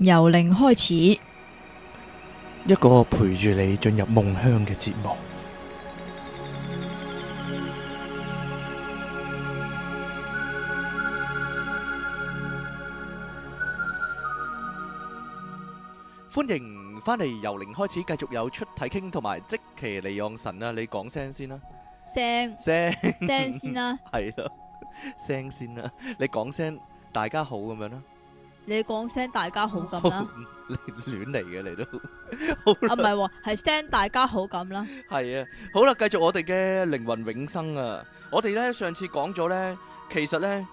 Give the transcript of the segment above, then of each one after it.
由零開始，一個陪住你進入夢鄉嘅節目。歡迎返嚟，由零開始，繼續有出體傾同埋即其利用神啊！你講聲先啦，聲聲聲先啦，係咯，聲先啦，你講聲大家好咁樣啦。你講聲大家好咁啦，亂嚟嘅你都好，啊唔係喎，係聲大家好咁啦。係啊，好啦，繼續我哋嘅靈魂永生啊！我哋咧上次講咗咧，其實咧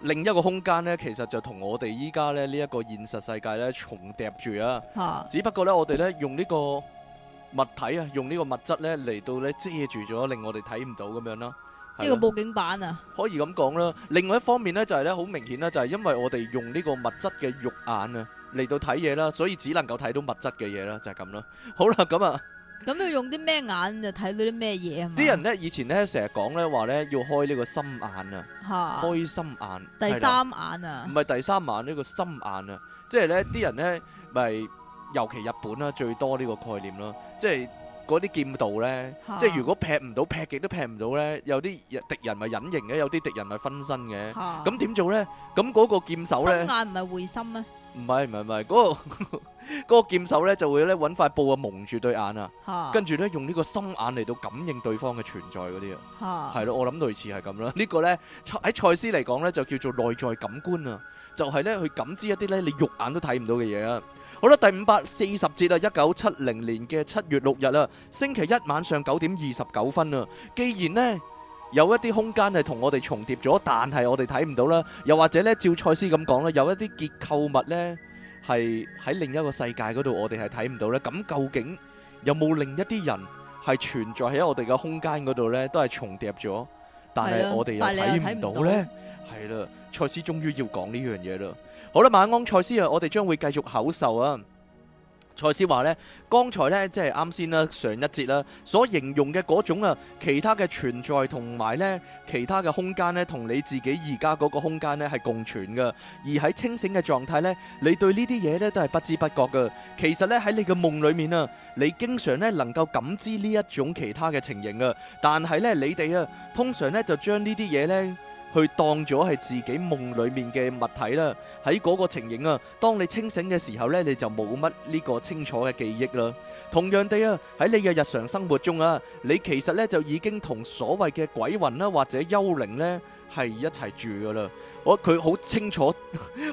另一個空間咧，其實就同我哋依家咧呢一個現實世界咧重疊住啊。吓，只不過咧我哋咧用呢個物體啊，用呢個物質咧嚟到咧遮住咗，令我哋睇唔到咁樣咯。即係個報警版啊，可以咁講啦。另外一方面咧，就係咧好明顯啦，就係因為我哋用呢個物質嘅肉眼啊嚟到睇嘢啦，所以只能夠睇到物質嘅嘢啦，就係咁啦。好啦，咁啊，咁要用啲咩眼就睇到啲咩嘢啊？啲人咧以前咧成日講咧話咧要開呢個心眼啊，開心眼，第三眼啊，唔係第三眼呢個心眼啊，即係咧啲人咧咪尤其日本啦最多呢個概念咯，即係。嗰啲劍道咧，即係如果劈唔到劈極都劈唔到咧，有啲人敵人咪隱形嘅，有啲敵人係分身嘅，咁點做咧？咁嗰個劍手咧，心眼唔係會心咩？唔係唔係唔係，嗰個嗰個劍手咧就會咧揾塊布啊，蒙住對眼啊，跟住咧用呢個心眼嚟到感應對方嘅存在嗰啲啊，係咯，我諗類似係咁啦。呢個咧喺賽斯嚟講咧就叫做內在感官啊，就係咧去感知一啲咧你肉眼都睇唔到嘅嘢啊。好啦，第五百四十節啦，一九七零年嘅七月六日啦，星期一晚上九點二十九分啦。既然呢有一啲空間係同我哋重疊咗，但係我哋睇唔到啦。又或者呢，照賽斯咁講啦，有一啲結構物呢係喺另一個世界嗰度，我哋係睇唔到咧。咁究竟有冇另一啲人係存在喺我哋嘅空間嗰度呢？都係重疊咗，但係我哋又睇唔到呢。係啦，賽斯終於要講呢樣嘢啦。好啦，晚安，賽斯啊！我哋將會繼續口授啊。賽斯話呢，剛才呢，即係啱先啦，上一節啦，所形容嘅嗰種啊，其他嘅存在同埋呢，其他嘅空間呢，同你自己而家嗰個空間呢，係共存噶。而喺清醒嘅狀態呢，你對呢啲嘢呢，都係不知不覺噶。其實呢，喺你嘅夢裏面啊，你經常呢，能夠感知呢一種其他嘅情形啊。但係呢，你哋啊，通常呢，就將呢啲嘢呢。去當咗係自己夢裡面嘅物體啦，喺嗰個情形啊，當你清醒嘅時候呢，你就冇乜呢個清楚嘅記憶啦。同樣地啊，喺你嘅日常生活中啊，你其實呢就已經同所謂嘅鬼魂啦或者幽靈呢係一齊住噶啦。我佢好清楚，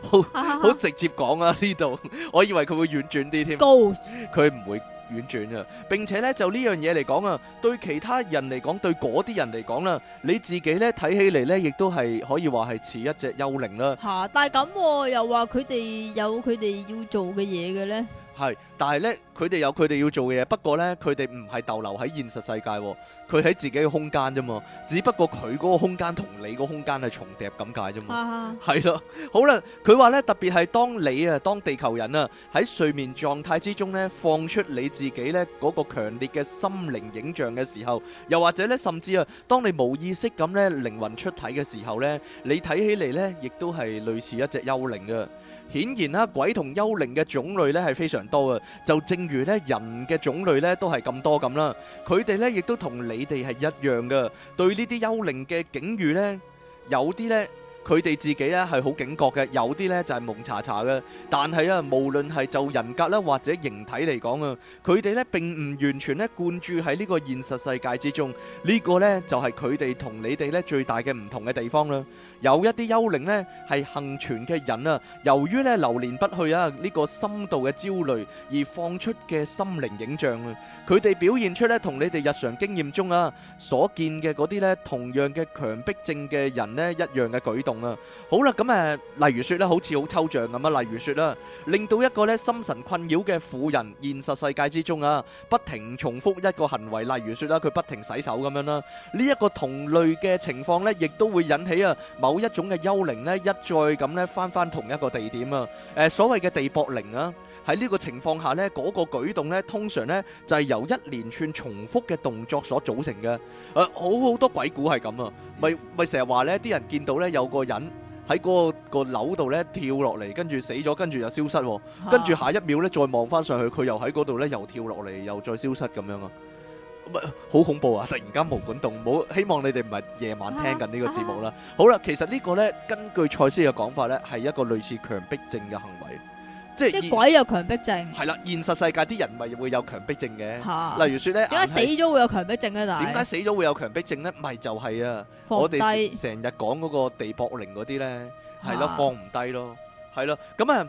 好好直接講啊呢度。我以為佢會婉轉啲添，佢唔會。旋轉啊，並且咧，就呢樣嘢嚟講啊，對其他人嚟講，對嗰啲人嚟講啦，你自己咧睇起嚟咧，亦都係可以話係似一隻幽靈啦。吓！但係咁又話佢哋有佢哋要做嘅嘢嘅咧。係。但係咧，佢哋有佢哋要做嘅嘢。不過咧，佢哋唔係逗留喺現實世界喎，佢喺自己嘅空間啫嘛。只不過佢嗰個空間同你個空間係重疊咁解啫嘛。係啦，好啦。佢話咧，特別係當你啊，當地球人啊喺睡眠狀態之中咧，放出你自己咧嗰個強烈嘅心靈影像嘅時候，又或者咧，甚至啊，當你冇意識咁咧靈魂出體嘅時候咧，你睇起嚟咧，亦都係類似一隻幽靈嘅。顯然啦，鬼同幽靈嘅種類咧係非常多啊。就正如咧，人嘅種類咧都係咁多咁啦。佢哋咧亦都同你哋係一樣嘅，對呢啲幽靈嘅境遇咧，有啲咧。佢哋自己咧係好警覺嘅，有啲咧就係蒙查查嘅。但係啊，無論係就人格啦或者形體嚟講啊，佢哋咧並唔完全咧貫注喺呢個現實世界之中。呢個咧就係佢哋同你哋咧最大嘅唔同嘅地方啦。有一啲幽靈咧係幸存嘅人啊，由於咧流連不去啊呢個深度嘅焦慮而放出嘅心靈影像啊，佢哋表現出咧同你哋日常經驗中啊所見嘅嗰啲咧同樣嘅強迫症嘅人咧一樣嘅舉動。啊，好啦，咁誒，例如說咧，好似好抽象咁啊，例如說啦，令到一個咧心神困擾嘅婦人，現實世界之中啊，不停重複一個行為，例如說啦，佢不停洗手咁樣啦，呢一個同類嘅情況咧，亦都會引起啊某一種嘅幽靈咧，一再咁咧翻翻同一個地點啊，誒，所謂嘅地縛靈啊。喺呢個情況下呢嗰、那個舉動咧，通常呢就係、是、由一連串重複嘅動作所組成嘅。誒、呃，好好多鬼故係咁啊！咪咪成日話呢啲人見到呢有個人喺嗰個個樓度呢跳落嚟，跟住死咗，跟住又消失、啊，啊、跟住下一秒呢，再望返上去，佢又喺嗰度呢又跳落嚟，又再消失咁樣啊！咪好恐怖啊！突然間毛管動，冇希望你哋唔係夜晚聽緊呢個節目啦。啊、好啦，其實呢個呢，根據賽斯嘅講法呢，係一個類似強迫症嘅行為。即係，即係鬼有強迫症。係啦，現實世界啲人咪會有強迫症嘅。嚇，例如説咧，點解死咗會有強迫症咧？但係點解死咗會有強迫症咧？咪就係啊！我哋成日講嗰個地縛靈嗰啲咧，係咯，放唔低咯，係咯。咁啊，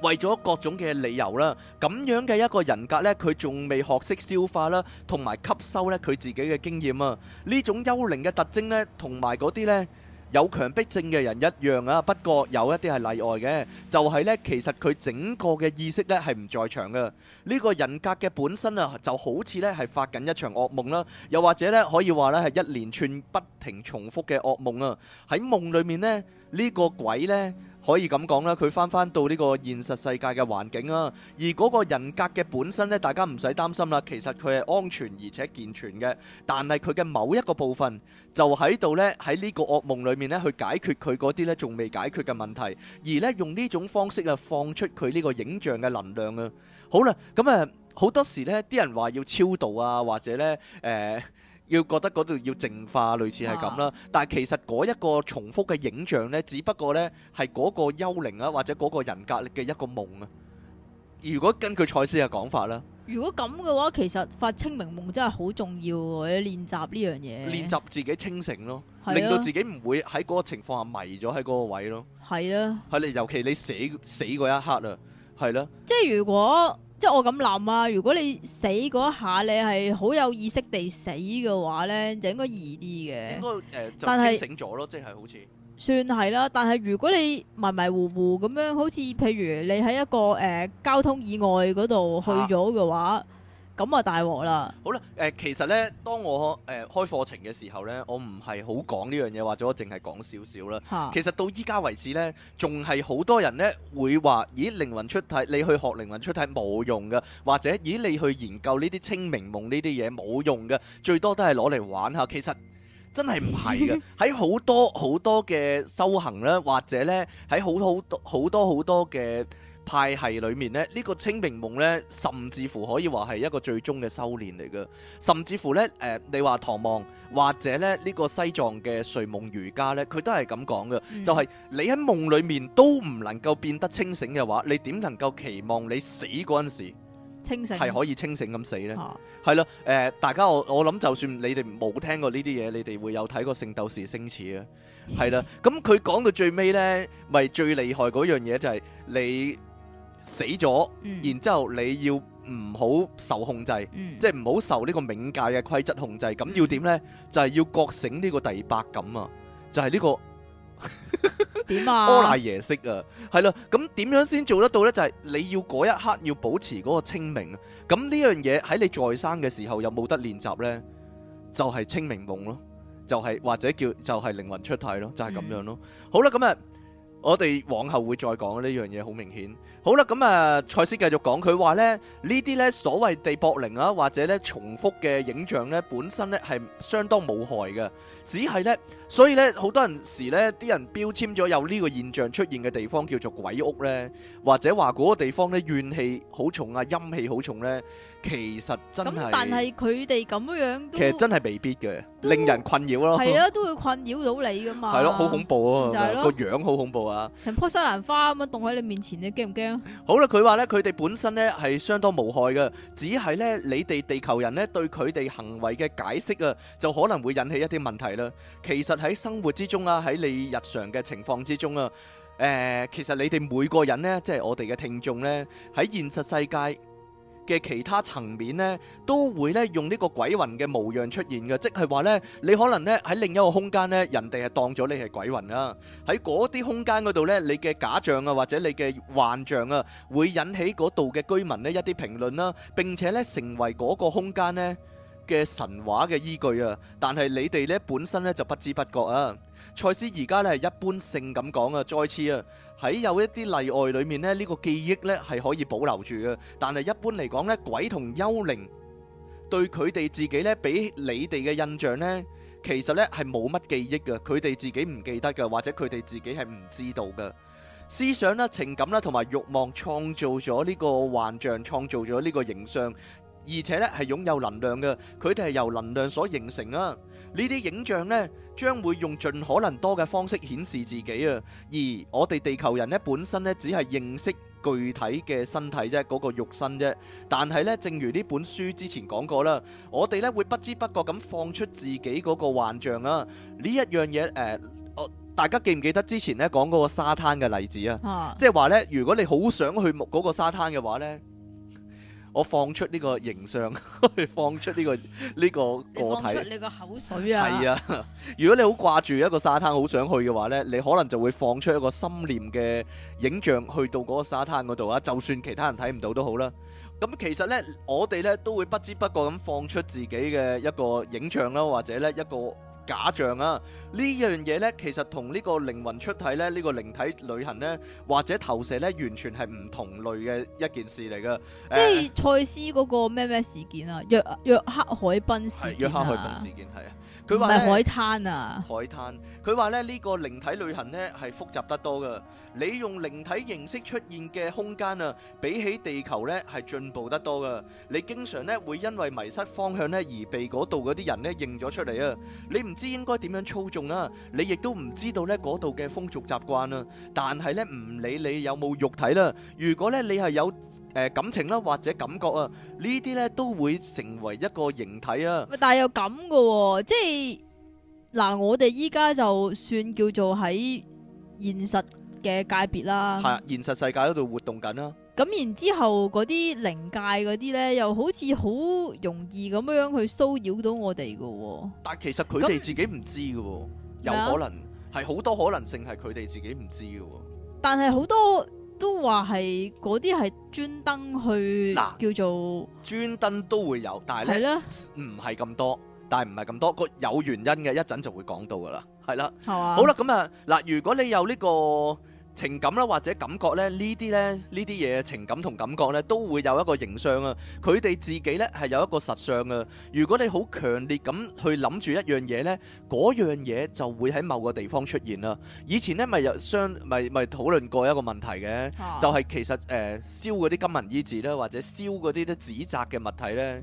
為咗各種嘅理由啦，咁樣嘅一個人格咧，佢仲未學識消化啦，同埋吸收咧佢自己嘅經驗啊，呢種幽靈嘅特徵咧，同埋嗰啲咧。有強迫症嘅人一樣啊，不過有一啲係例外嘅，就係呢，其實佢整個嘅意識呢係唔在場嘅。呢個人格嘅本身啊，就好似呢係發緊一場噩夢啦，又或者呢，可以話呢係一連串不停重複嘅噩夢啊。喺夢裡面呢，呢個鬼呢。可以咁講啦，佢翻翻到呢個現實世界嘅環境啊。而嗰個人格嘅本身呢，大家唔使擔心啦。其實佢係安全而且健全嘅，但係佢嘅某一個部分就喺度呢，喺呢個噩夢裏面呢，去解決佢嗰啲呢仲未解決嘅問題，而呢，用呢種方式啊放出佢呢個影像嘅能量啊。好啦，咁啊好多時呢啲人話要超度啊，或者呢，誒、呃。要覺得嗰度要淨化，類似係咁啦。但係其實嗰一個重複嘅影像呢，只不過呢係嗰個幽靈啊，或者嗰個人格嘅一個夢啊。如果根據賽斯嘅講法啦，如果咁嘅話，其實發清明夢真係好重要喎，你練習呢樣嘢。練習自己清醒咯，令到自己唔會喺嗰個情況下迷咗喺嗰個位咯。係啊，係你尤其你死死嗰一刻啊，係咯。即係如果。即我咁諗啊，如果你死嗰一下你係好有意識地死嘅話咧，就應該易啲嘅。應該誒、呃，就清醒咗咯，即係是好似算係啦。但係如果你迷迷糊糊咁樣，好似譬如你喺一個誒、呃、交通意外嗰度去咗嘅話。啊？咁啊大鑊啦！好啦，誒、呃、其實呢，當我誒、呃、開課程嘅時候呢，我唔係好講呢樣嘢，或者我淨係講少少啦。哈其實到依家為止呢，仲係好多人呢會話：咦，靈魂出體，你去學靈魂出體冇用㗎，或者咦，你去研究呢啲清明夢呢啲嘢冇用㗎，最多都係攞嚟玩下。其實真係唔係嘅，喺好 多好多嘅修行呢，或者呢，喺好好多好多好多嘅。派系裏面咧，呢、呢個清明夢呢，甚至乎可以話係一個最終嘅修煉嚟嘅。甚至乎呢，誒、呃，你話唐望或者咧呢個西藏嘅睡夢瑜伽呢，佢都係咁講嘅：嗯「就係你喺夢裏面都唔能夠變得清醒嘅話，你點能夠期望你死嗰陣時清醒係可以清醒咁死呢？醒」係咯，誒、嗯呃，大家我我諗就算你哋冇聽過呢啲嘢，你哋會有睇過《聖鬥士星矢》啊？係啦，咁佢講到最尾呢，咪最厲害嗰樣嘢就係你 S。死咗，然之後你要唔好受控制，即係唔好受呢個冥界嘅規則控制。咁要點咧？就係要覺醒呢個第八感啊！就係呢個點啊？阿賴耶識啊，係啦。咁點樣先做得到咧？就係你要嗰一刻要保持嗰個清明。咁呢樣嘢喺你在生嘅時候又冇得練習咧，就係清明夢咯，就係或者叫就係靈魂出體咯，就係咁樣咯。好啦，咁啊，我哋往後會再講啦。呢樣嘢好明顯。好啦，咁啊，賽斯繼續講，佢話咧呢啲咧所謂地縛靈啊，或者咧重複嘅影像咧，本身咧係相當冇害嘅，只係咧，所以咧好多陣時咧啲人標籤咗有呢個現象出現嘅地方叫做鬼屋咧，或者話個地方咧怨氣好重啊，陰氣好重咧，啊，其實真係，咁，但係佢哋咁樣都其實真係未必嘅，都令人困擾咯。係啊，都會困擾到你噶嘛。係咯， 好恐怖啊！個樣好恐怖啊，成棵西蘭花咁樣棟喺你面前面，你驚唔驚？好啦，佢話咧，佢哋本身咧係相當無害嘅，只係咧你哋地球人咧對佢哋行為嘅解釋啊，就可能會引起一啲問題啦。其實喺生活之中啊，喺你日常嘅情況之中啊，誒，其實你哋每個人咧，即係我哋嘅聽眾咧，喺現實世界，嘅其他層面呢，都會咧用呢個鬼魂嘅模樣出現嘅，即係話呢，你可能呢喺另一個空間呢，人哋係當咗你係鬼魂啊。喺嗰啲空間嗰度呢，你嘅假象啊，或者你嘅幻象啊，會引起嗰度嘅居民呢一啲評論啦，並且呢成為嗰個空間呢嘅神話嘅依據啊。但係你哋呢本身呢，就不知不覺啊。賽斯而家咧係一般性咁講啊，再次啊喺有一啲例外裏面咧，呢個記憶咧係可以保留住嘅。但係一般嚟講咧，鬼同幽靈對佢哋自己咧，俾你哋嘅印象咧，其實咧係冇乜記憶嘅，佢哋自己唔記得嘅，或者佢哋自己係唔知道嘅。思想啦、情感啦、同埋慾望創造咗呢個幻象，創造咗呢個形象，而且咧係擁有能量嘅，佢哋係由能量所形成啊。呢啲影像呢，將會用盡可能多嘅方式顯示自己啊！而我哋地球人呢，本身呢，只係認識具體嘅身體啫，嗰個肉身啫。但係呢，正如呢本書之前講過啦，我哋呢，會不知不覺咁放出自己嗰個幻象啊！呢一樣嘢，誒、呃，大家記唔記得之前呢講嗰個沙灘嘅例子啊？啊即係話呢，如果你好想去目嗰個沙灘嘅話呢。我放出呢個形象，像，放出呢、這個呢、這個個體，你放出你個口水啊！係啊，如果你好掛住一個沙灘，好想去嘅話呢，你可能就會放出一個心念嘅影像去到嗰個沙灘嗰度啊！就算其他人睇唔到都好啦。咁、嗯、其實呢，我哋呢都會不知不覺咁放出自己嘅一個影像啦，或者呢一個。假象啊！呢一樣嘢咧，其實同呢個靈魂出體咧、呢、呢個靈體旅行咧，或者投射咧，完全係唔同類嘅一件事嚟噶。即係賽斯嗰個咩咩事件啊？約約克海濱事、啊、事件。約克海濱事件係啊。佢話唔係海灘啊，海灘。佢話咧呢個靈體旅行咧係複雜得多噶。你用靈體形式出現嘅空間啊，比起地球咧係進步得多噶。你經常咧會因為迷失方向咧而被嗰度嗰啲人咧認咗出嚟啊。你唔知應該點樣操縱啊，你亦都唔知道咧嗰度嘅風俗習慣啊。但係咧唔理你有冇肉體啦，如果咧你係有。誒，感情啦，或者感覺啊，呢啲咧都會成為一個形體啊。但係又咁嘅喎，即係嗱，我哋依家就算叫做喺現實嘅界別啦。係，現實世界喺度活動緊啦，啊。咁然之後嗰啲靈界嗰啲咧，又好似好容易咁樣去騷擾到我哋嘅喎。但係其實佢哋自己唔知嘅喎，有那可能係好多可能性係佢哋自己唔知嘅喎。但係好多。都話係嗰啲係專登去叫做嗱專登都會有，但係咧唔係咁多，但係唔係咁多個有原因嘅，一陣就會講到噶啦，係啦，吧好啦，咁啊嗱，如果你有呢個。情感啦，或者感覺咧，呢啲咧，呢啲嘢情感同感覺咧，都會有一個形象啊。佢哋自己咧係有一個實相啊。如果你好強烈咁去諗住一樣嘢咧，嗰樣嘢就會喺某個地方出現啦。以前咧咪有相咪咪討論過一個問題嘅，啊、就係其實誒、呃、燒嗰啲金銀衣紙咧，或者燒嗰啲咧紙紮嘅物體咧。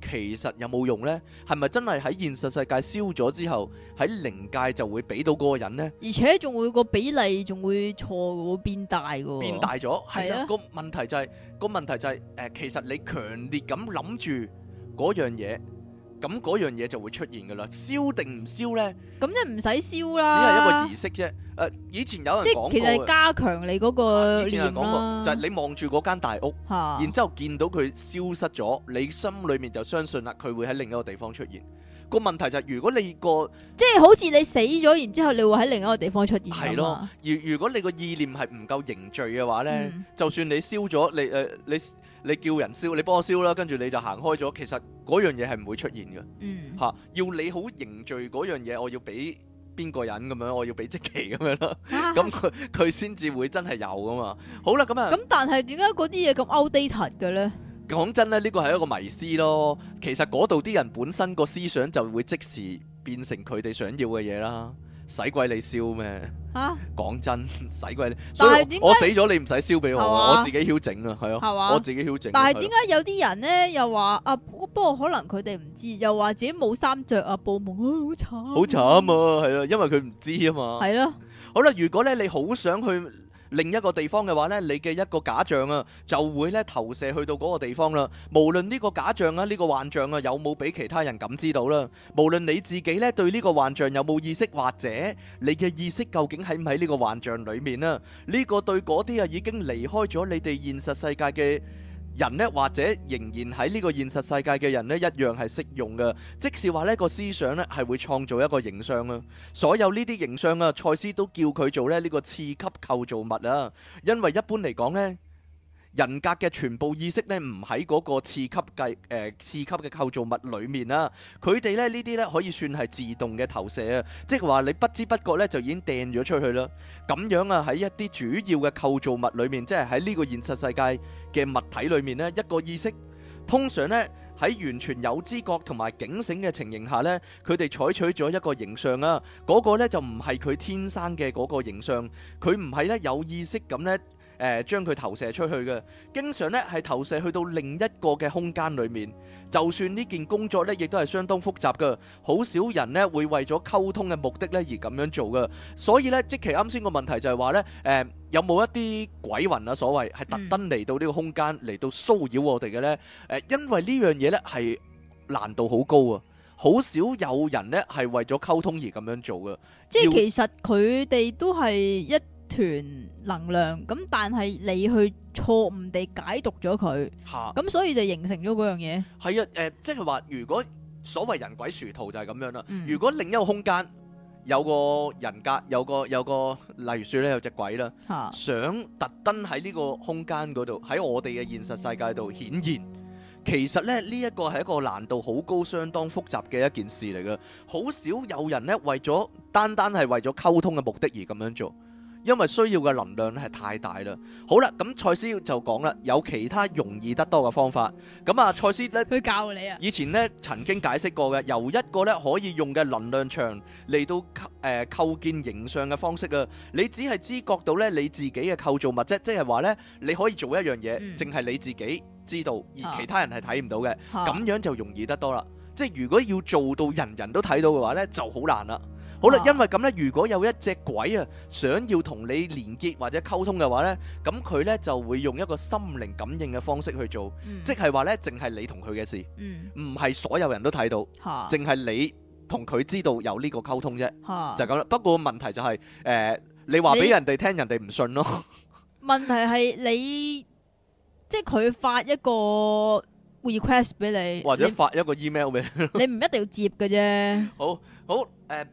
其實有冇用呢？係咪真係喺現實世界燒咗之後，喺靈界就會俾到嗰個人呢？而且仲會、個比例仲會錯嘅，會變大嘅。變大咗，係啊的！個問題就係、是個問題就係、是、誒、呃，其實你強烈咁諗住嗰樣嘢。咁嗰樣嘢就會出現噶啦，燒定唔燒咧？咁即唔使燒啦，只係一個儀式啫。誒、呃，以前有人即係其實加強你嗰個意念啦。以前有人講過，就係、是、你望住嗰間大屋，啊、然之後見到佢消失咗，你心裏面就相信啦，佢會喺另一個地方出現。個問題就係、是、如果你個即係好似你死咗，然之後你會喺另一個地方出現。係咯的，而麼如果你個意念係唔夠凝聚嘅話咧，嗯、就算你燒咗，你誒、呃、你。你你叫人燒，你幫我燒啦，跟住你就行開咗。其實嗰樣嘢係唔會出現嘅，嚇、嗯、要你好凝聚嗰樣嘢，我要俾邊個人咁樣，我要俾即期咁樣咯，咁佢佢先至會真係有噶嘛。好啦，咁啊。咁但係點解嗰啲嘢咁 outdated 嘅咧？講真咧，呢個係一個迷思咯。其實嗰度啲人本身個思想就會即時變成佢哋想要嘅嘢啦。使鬼你燒咩？嚇、啊！講真，使鬼你。所以點解我死咗你唔使燒俾我、啊、吧我自己曉整啊，係啊吧，我自己曉整。但係點解有啲人咧又話啊？不過可能佢哋唔知，又話自己冇衫着啊，暴露好慘。好慘啊，係啊，啊，因為佢唔知啊嘛。係咯、啊。好啦，如果咧你好想去。另一個地方嘅話呢，你嘅一個假象啊，就會咧投射去到嗰個地方啦。無論呢個假象啊，呢個幻象啊，有冇俾其他人感知到啦？無論你自己呢對呢個幻象有冇意識，或者你嘅意識究竟喺唔喺呢個幻象裡面啦？呢個對嗰啲啊已經離開咗你哋現實世界嘅。人咧或者仍然喺呢個現實世界嘅人咧一樣係適用嘅，即係話呢個思想咧係會創造一個形象啊！所有呢啲形象啊，賽斯都叫佢做咧呢個次級構造物啊，因為一般嚟講咧。人格嘅全部意識咧，唔喺嗰個次級嘅誒次級嘅構造物裏面啦。佢哋咧呢啲咧可以算係自動嘅投射啊，即係話你不知不覺咧就已經掟咗出去啦。咁樣啊，喺一啲主要嘅構造物裏面，即係喺呢個現實世界嘅物體裏面咧，一個意識通常咧喺完全有知覺同埋警醒嘅情形下咧，佢哋採取咗一個形象啊。嗰個咧就唔係佢天生嘅嗰個形象，佢唔係咧有意識咁咧。誒，將佢投射出去嘅，經常咧係投射去到另一個嘅空間裏面。就算呢件工作咧，亦都係相當複雜噶，好少人咧會為咗溝通嘅目的咧而咁樣做噶。所以咧，即其啱先個問題就係話咧，誒，有冇一啲鬼魂啊？所謂係特登嚟到呢個空間嚟到騷擾我哋嘅咧？誒，因為呢樣嘢咧係難度好高啊，好少有人咧係為咗溝通而咁樣做噶。即係其實佢哋都係一。團能量咁，但係你去錯誤地解讀咗佢吓，咁所以就形成咗嗰樣嘢。係啊，誒，即係話如果所謂人鬼殊途就係咁樣啦。如果另一個空間有個人格，有個有個，例如說咧，有隻鬼啦吓，想特登喺呢個空間嗰度喺我哋嘅現實世界度顯現，其實咧呢一個係一個難度好高、相當複雜嘅一件事嚟嘅，好少有人咧為咗單單係為咗溝通嘅目的而咁樣做。因為需要嘅能量咧係太大啦。好啦，咁賽斯就講啦，有其他容易得多嘅方法。咁啊，賽斯咧，佢教你啊。以前咧曾經解釋過嘅，由一個咧可以用嘅能量場嚟到誒、呃、構建形象嘅方式啊。你只係知覺到咧你自己嘅構造物質，即係話咧你可以做一樣嘢，淨係、嗯、你自己知道，而其他人係睇唔到嘅。咁、啊、樣就容易得多啦。即係如果要做到人人都睇到嘅話咧，就好難啦。好啦，因為咁咧，如果有一隻鬼啊，想要同你連結或者溝通嘅話咧，咁佢咧就會用一個心靈感應嘅方式去做，即係話咧，淨係你同佢嘅事，唔係所有人都睇到，淨係你同佢知道有呢個溝通啫，就咁啦。不過問題就係，誒，你話俾人哋聽，人哋唔信咯。問題係你，即係佢發一個 request 俾你，或者發一個 email 俾你，你唔一定要接嘅啫。好，好，誒。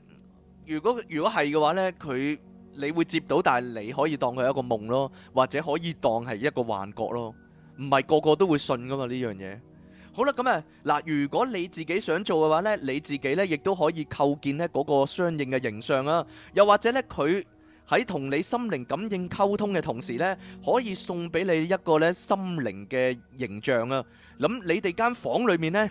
如果如果係嘅話呢，佢你會接到，但係你可以當佢係一個夢咯，或者可以當係一個幻覺咯，唔係個個都會信噶嘛呢樣嘢。好啦，咁啊嗱，如果你自己想做嘅話呢，你自己呢亦都可以構建呢嗰個相應嘅形象啊，又或者呢佢喺同你心靈感應溝通嘅同時呢，可以送俾你一個呢心靈嘅形象啊。咁你哋間房裏面呢。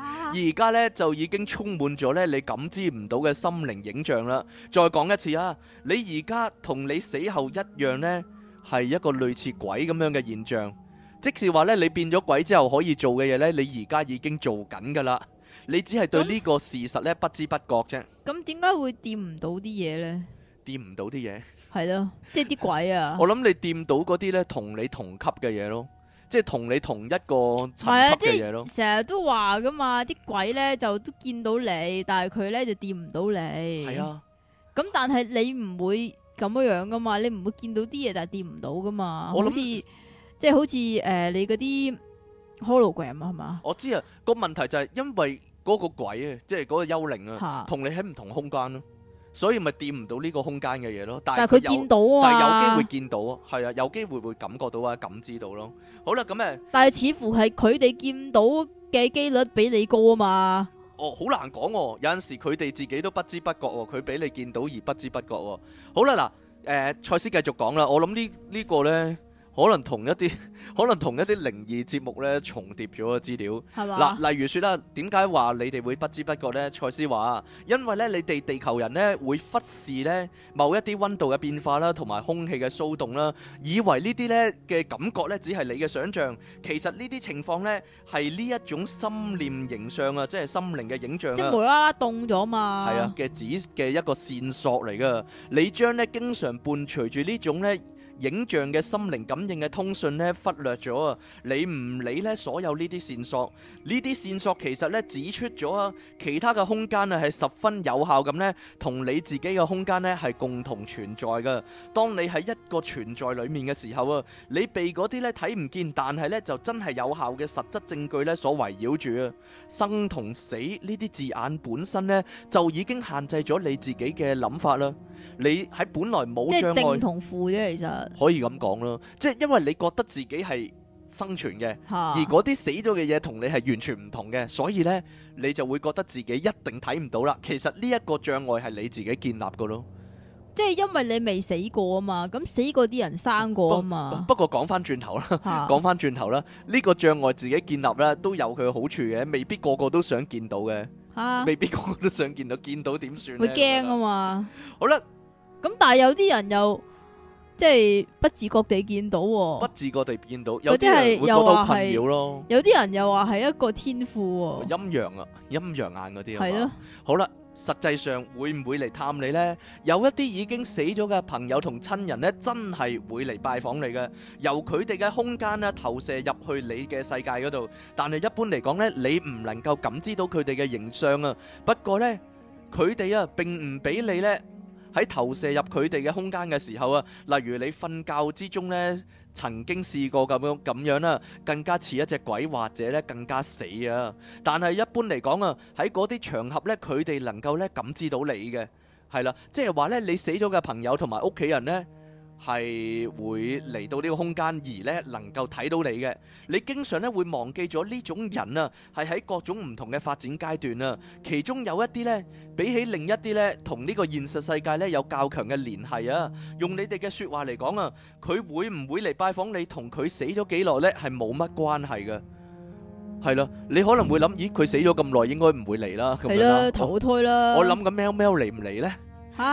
而家咧就已經充滿咗咧你感知唔到嘅心靈影像啦。再講一次啊，你而家同你死後一樣呢，係一個類似鬼咁樣嘅現象。即是話咧，你變咗鬼之後可以做嘅嘢呢，你而家已經做緊噶啦。你只係對呢個事實呢，嗯、不知不覺啫。咁點解會掂唔到啲嘢呢？掂唔到啲嘢？係咯，即係啲鬼啊！ 我諗你掂到嗰啲呢，同你同級嘅嘢咯。即係同你同一個層級嘅嘢，成日都話噶嘛，啲鬼咧就都見到你，但係佢咧就掂唔到你。係啊，咁但係你唔會咁樣樣噶嘛，你唔會見到啲嘢但係掂唔到噶嘛，想好似即係好似誒、呃、你嗰啲 hologram 啊係嘛？我知啊，個問題就係因為嗰個鬼啊，即係嗰個幽靈啊，同你喺唔同空間咯。所以咪掂唔到呢個空間嘅嘢咯，但係佢見到啊，但係有機會見到啊，係啊，有機會會感覺到啊，感知到咯。好啦，咁誒，但係似乎係佢哋見到嘅機率比你高啊嘛。哦，好難講喎、哦，有陣時佢哋自己都不知不覺喎、哦，佢畀你見到而不知不覺喎、哦。好啦，嗱、呃，誒，賽斯繼續講啦，我諗、這個、呢呢個咧。可能同一啲，可能同一啲靈異節目咧重疊咗個資料。嗱吧，例如說啦，點解話你哋會不知不覺咧？賽斯話，因為咧你哋地球人咧會忽視咧某一啲溫度嘅變化啦，同埋空氣嘅騷動啦，以為呢啲咧嘅感覺咧只係你嘅想象。其實呢啲情況咧係呢一種心念形象啊，即係心靈嘅影像、啊。即係無啦啦凍咗嘛？係啊，嘅指嘅一個線索嚟噶。你將咧經常伴隨住呢種咧。影像嘅心靈感應嘅通訊咧，忽略咗啊！你唔理咧，所有呢啲線索，呢啲線索其實咧指出咗啊，其他嘅空間啊係十分有效咁咧，同你自己嘅空間咧係共同存在㗎。當你喺一個存在裡面嘅時候啊，你被嗰啲咧睇唔見，但係咧就真係有效嘅實質證據咧所圍繞住啊。生同死呢啲字眼本身呢，就已經限制咗你自己嘅諗法啦。.你喺本來冇障礙，即係正同負啫，其實可以咁講咯。即係因為你覺得自己係生存嘅，而嗰啲死咗嘅嘢同你係完全唔同嘅，所以呢，你就會覺得自己一定睇唔到啦。其實呢一個障礙係你自己建立噶咯，即係因為你未死過啊嘛，咁死過啲人生過啊嘛。不過講翻轉頭啦，講翻轉頭啦，呢個障礙自己建立咧都有佢嘅好處嘅，未必個個都想見到嘅。啊！未必我個個都想見到，見到點算？會驚啊嘛！ 好啦，咁但係有啲人又即係不、哦、不自覺地見到，不自覺地見到，有啲人會覺得困擾咯。有啲人又話係一個天賦，陰陽啊，陰陽眼嗰啲係咯。是啊、好啦。實際上會唔會嚟探你呢？有一啲已經死咗嘅朋友同親人呢，真係會嚟拜訪你嘅，由佢哋嘅空間呢投射入去你嘅世界嗰度。但係一般嚟講呢，你唔能夠感知到佢哋嘅形象啊。不過呢，佢哋啊並唔俾你呢喺投射入佢哋嘅空間嘅時候啊，例如你瞓覺之中呢。曾經試過咁樣咁樣啦，更加似一隻鬼，或者咧更加死啊！但係一般嚟講啊，喺嗰啲場合咧，佢哋能夠咧感知到你嘅，係啦，即係話咧，你死咗嘅朋友同埋屋企人咧。係會嚟到呢個空間而咧，能夠睇到你嘅。你經常咧會忘記咗呢種人啊，係喺各種唔同嘅發展階段啊。其中有一啲咧，比起另一啲咧，同呢個現實世界咧有較強嘅聯繫啊。用你哋嘅說話嚟講啊，佢會唔會嚟拜訪你？同佢死咗幾耐咧，係冇乜關係嘅。係啦，你可能會諗，咦，佢死咗咁耐，應該唔會嚟啦。係啦，咁樣啊，投胎啦。我諗緊喵喵嚟唔嚟咧？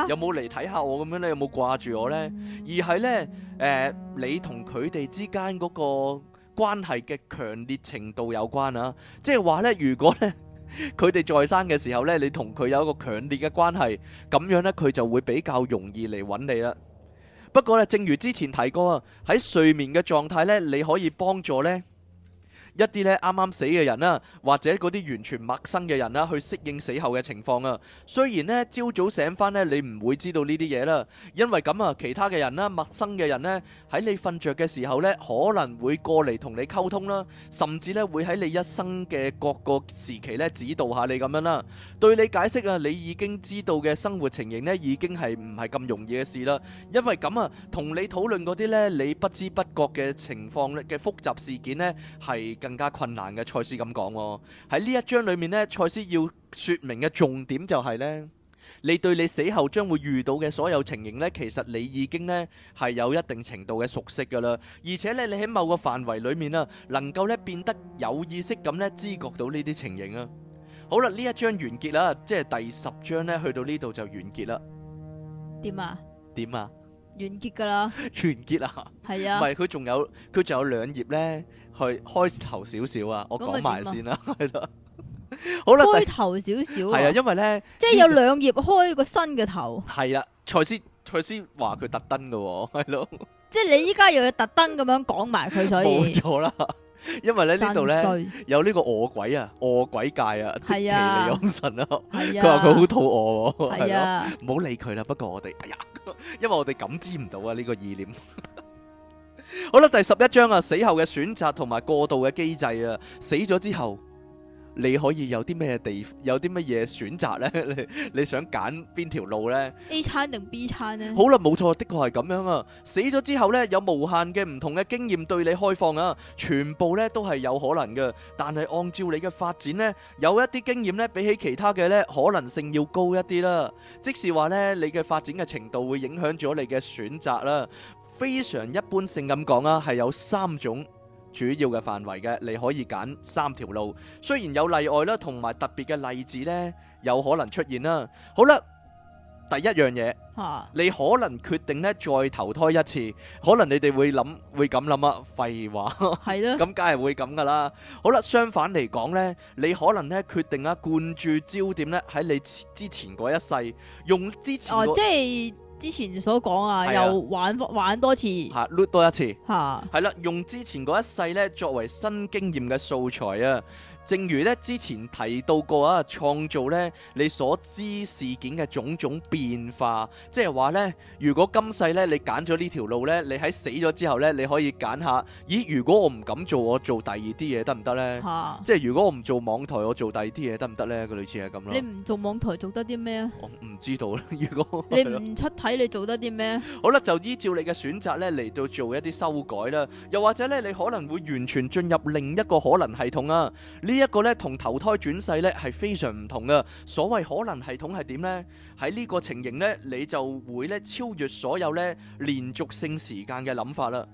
有冇嚟睇下我咁樣咧？有冇掛住我呢？而係呢，誒、呃，你同佢哋之間嗰個關係嘅強烈程度有關啊！即係話呢，如果呢，佢哋在生嘅時候呢，你同佢有一個強烈嘅關係，咁樣呢，佢就會比較容易嚟揾你啦。不過呢，正如之前提過啊，喺睡眠嘅狀態呢，你可以幫助呢。一啲咧啱啱死嘅人啦，或者嗰啲完全陌生嘅人啦，去適應死後嘅情況啊。雖然咧朝早醒翻咧，你唔會知道呢啲嘢啦，因為咁啊，其他嘅人啦，陌生嘅人咧，喺你瞓著嘅時候咧，可能會過嚟同你溝通啦，甚至咧會喺你一生嘅各個時期咧指導下你咁樣啦，對你解釋啊，你已經知道嘅生活情形咧，已經係唔係咁容易嘅事啦，因為咁啊，同你討論嗰啲咧你不知不覺嘅情況咧嘅複雜事件咧係。更加困難嘅、哦，賽斯咁講喎。喺呢一章裏面呢，賽斯要說明嘅重點就係、是、呢：你對你死後將會遇到嘅所有情形呢，其實你已經呢係有一定程度嘅熟悉噶啦。而且呢，你喺某個範圍裏面啊，能夠呢變得有意識咁呢，知覺到呢啲情形啊。好啦，呢一章完結啦，即係第十章呢，去到呢度就完結啦。點啊？點啊？完結噶啦，完結啦了，係是啊，啊，唔係佢仲有佢仲有兩頁咧，去開頭少少啊，我講埋先啦，係咯，好啦，開頭少少，係啊，因為咧，即係有兩頁開個新嘅頭，係啦、 啊，賽斯賽斯話佢特登噶，係咯，啊、 即係你依家又要特登咁樣講埋佢，所以冇錯啦。 沒錯了笑因為咧，呢度咧真是 有呢個餓鬼啊，餓鬼界啊，接、啊、奇嚟養神啦。佢話佢好肚餓，係啊，唔好理佢啦。不過我哋，哎呀，因為我哋感知唔到啊呢、這個意念。 好啦，第十一章啊，死後嘅選擇同埋過渡嘅機制啊，死咗之後。你可以有啲咩地，有啲乜嘢選擇呢？你你想揀邊條路呢？A 餐定 B 餐呢？好啦，冇錯，的確係咁樣啊！死咗之後呢，有無限嘅唔同嘅經驗對你開放啊！全部呢都係有可能嘅，但係按照你嘅發展呢，有一啲經驗呢，比起其他嘅呢，可能性要高一啲啦。即是話呢，你嘅發展嘅程度會影響咗你嘅選擇啦。非常一般性咁講啊，係有三種。主要嘅範圍嘅，你可以揀三條路。雖然有例外啦，同埋特別嘅例子咧，有可能出現啦。好啦，第一樣嘢，嚇，你可能決定咧再投胎一次，可能你哋會諗，會咁諗啊？廢話，係咯，咁梗係會咁㗎喇。好啦，相反嚟講咧，你可能咧決定啊，貫注焦點咧喺你之前嗰一世，用之前哦，即係。之前所講玩啊，又玩玩多次，嚇、啊，擼多一次，嚇，係啦，用之前嗰一世呢，作為新經驗嘅素材啊。正如咧之前提到過啊，創造咧你所知事件嘅種種變化，即係話咧，如果今世咧你揀咗呢條路咧，你喺死咗之後咧，你可以揀下，咦？如果我唔敢做，我做第二啲嘢得唔得咧？嚇！即係如果我唔做網台，我做第二啲嘢得唔得咧？個類似係咁咯。你唔做網台做得啲咩啊？我唔知道啦。如果你唔出體，你做得啲咩？ 好啦，就依照你嘅選擇咧嚟到做一啲修改啦。又或者咧，你可能會完全進入另一個可能系統啊？呢呢一個咧同投胎轉世咧係非常唔同㗎，所謂可能系統係點呢？喺呢個情形咧，你就會咧超越所有咧連續性時間嘅諗法啦。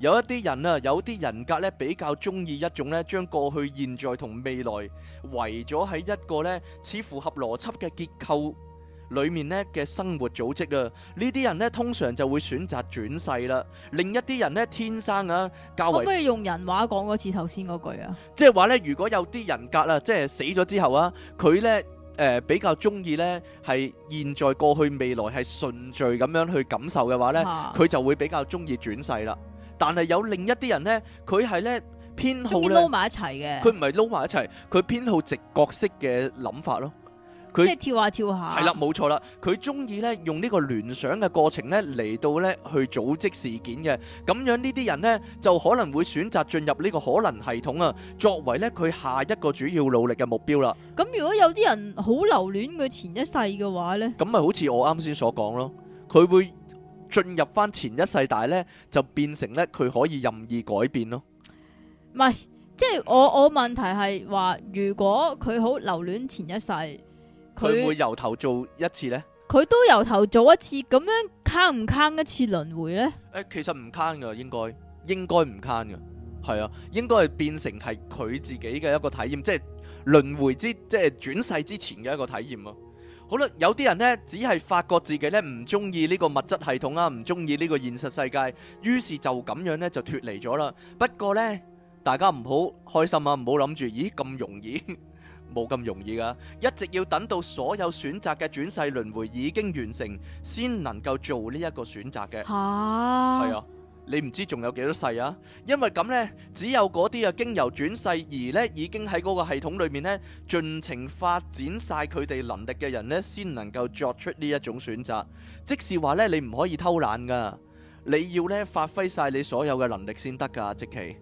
有一啲人啊，有啲人格咧比較中意一種咧，將過去、現在同未來圍咗喺一個咧似乎合邏輯嘅結構。裏面咧嘅生活組織啊，呢啲人咧通常就會選擇轉世啦。另一啲人咧天生啊，較為可唔可以用人話講過似頭先嗰句啊？即係話咧，如果有啲人格啊，即係死咗之後啊，佢咧誒比較中意咧係現在、過去、未來係順序咁樣去感受嘅話咧，佢、啊、就會比較中意轉世啦。但係有另一啲人咧，佢係咧偏好咧，撈埋一齊嘅，佢唔係撈埋一齊，佢偏好直覺式嘅諗法咯。佢即係跳下跳下，係啦，冇錯啦。佢中意咧用呢個聯想嘅過程咧嚟到咧去組織事件嘅咁樣，這呢啲人咧就可能會選擇進入呢個可能系統啊，作為咧佢下一個主要努力嘅目標啦。咁如果有啲人好留戀佢前一世嘅話咧，咁咪好似我啱先所講咯。佢會進入翻前一世呢，但係咧就變成咧佢可以任意改變咯。唔係，即係我我問題係話，如果佢好留戀前一世。佢它會由頭做一次呢？佢都由頭做一次，咁樣慳唔慳一次輪迴呢？誒、欸，其實唔慳㗎，應該應該唔慳㗎，係啊，應該係變成係佢自己嘅一個體驗，即係輪迴之即係轉世之前嘅一個體驗啊。好啦，有啲人呢，只係發覺自己呢唔中意呢個物質系統啊，唔中意呢個現實世界，於是就咁樣呢就脫離咗啦。不過呢，大家唔好開心啊，唔好諗住，咦咁容易。 冇咁容易噶，一直要等到所有選擇嘅轉世輪回已經完成，先能夠做呢一個選擇嘅。吓，係啊，你唔知仲有幾多世啊？因為咁咧，只有嗰啲啊經由轉世而咧已經喺嗰個系統裏面咧盡情發展晒佢哋能力嘅人咧，先能夠作出呢一種選擇。即是話咧，你唔可以偷懶噶，你要咧發揮晒你所有嘅能力先得噶，即期。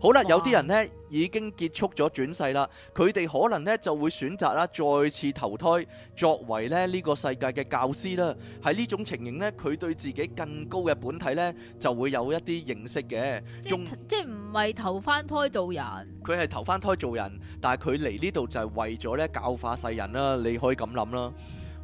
好啦，有啲人呢已經結束咗轉世啦，佢哋可能呢就會選擇啦，再次投胎，作為咧呢個世界嘅教師啦。喺呢種情形呢，佢對自己更高嘅本體呢就會有一啲認識嘅。即即唔係投翻胎做人，佢係投翻胎做人，但係佢嚟呢度就係為咗咧教化世人啦。你可以咁諗啦。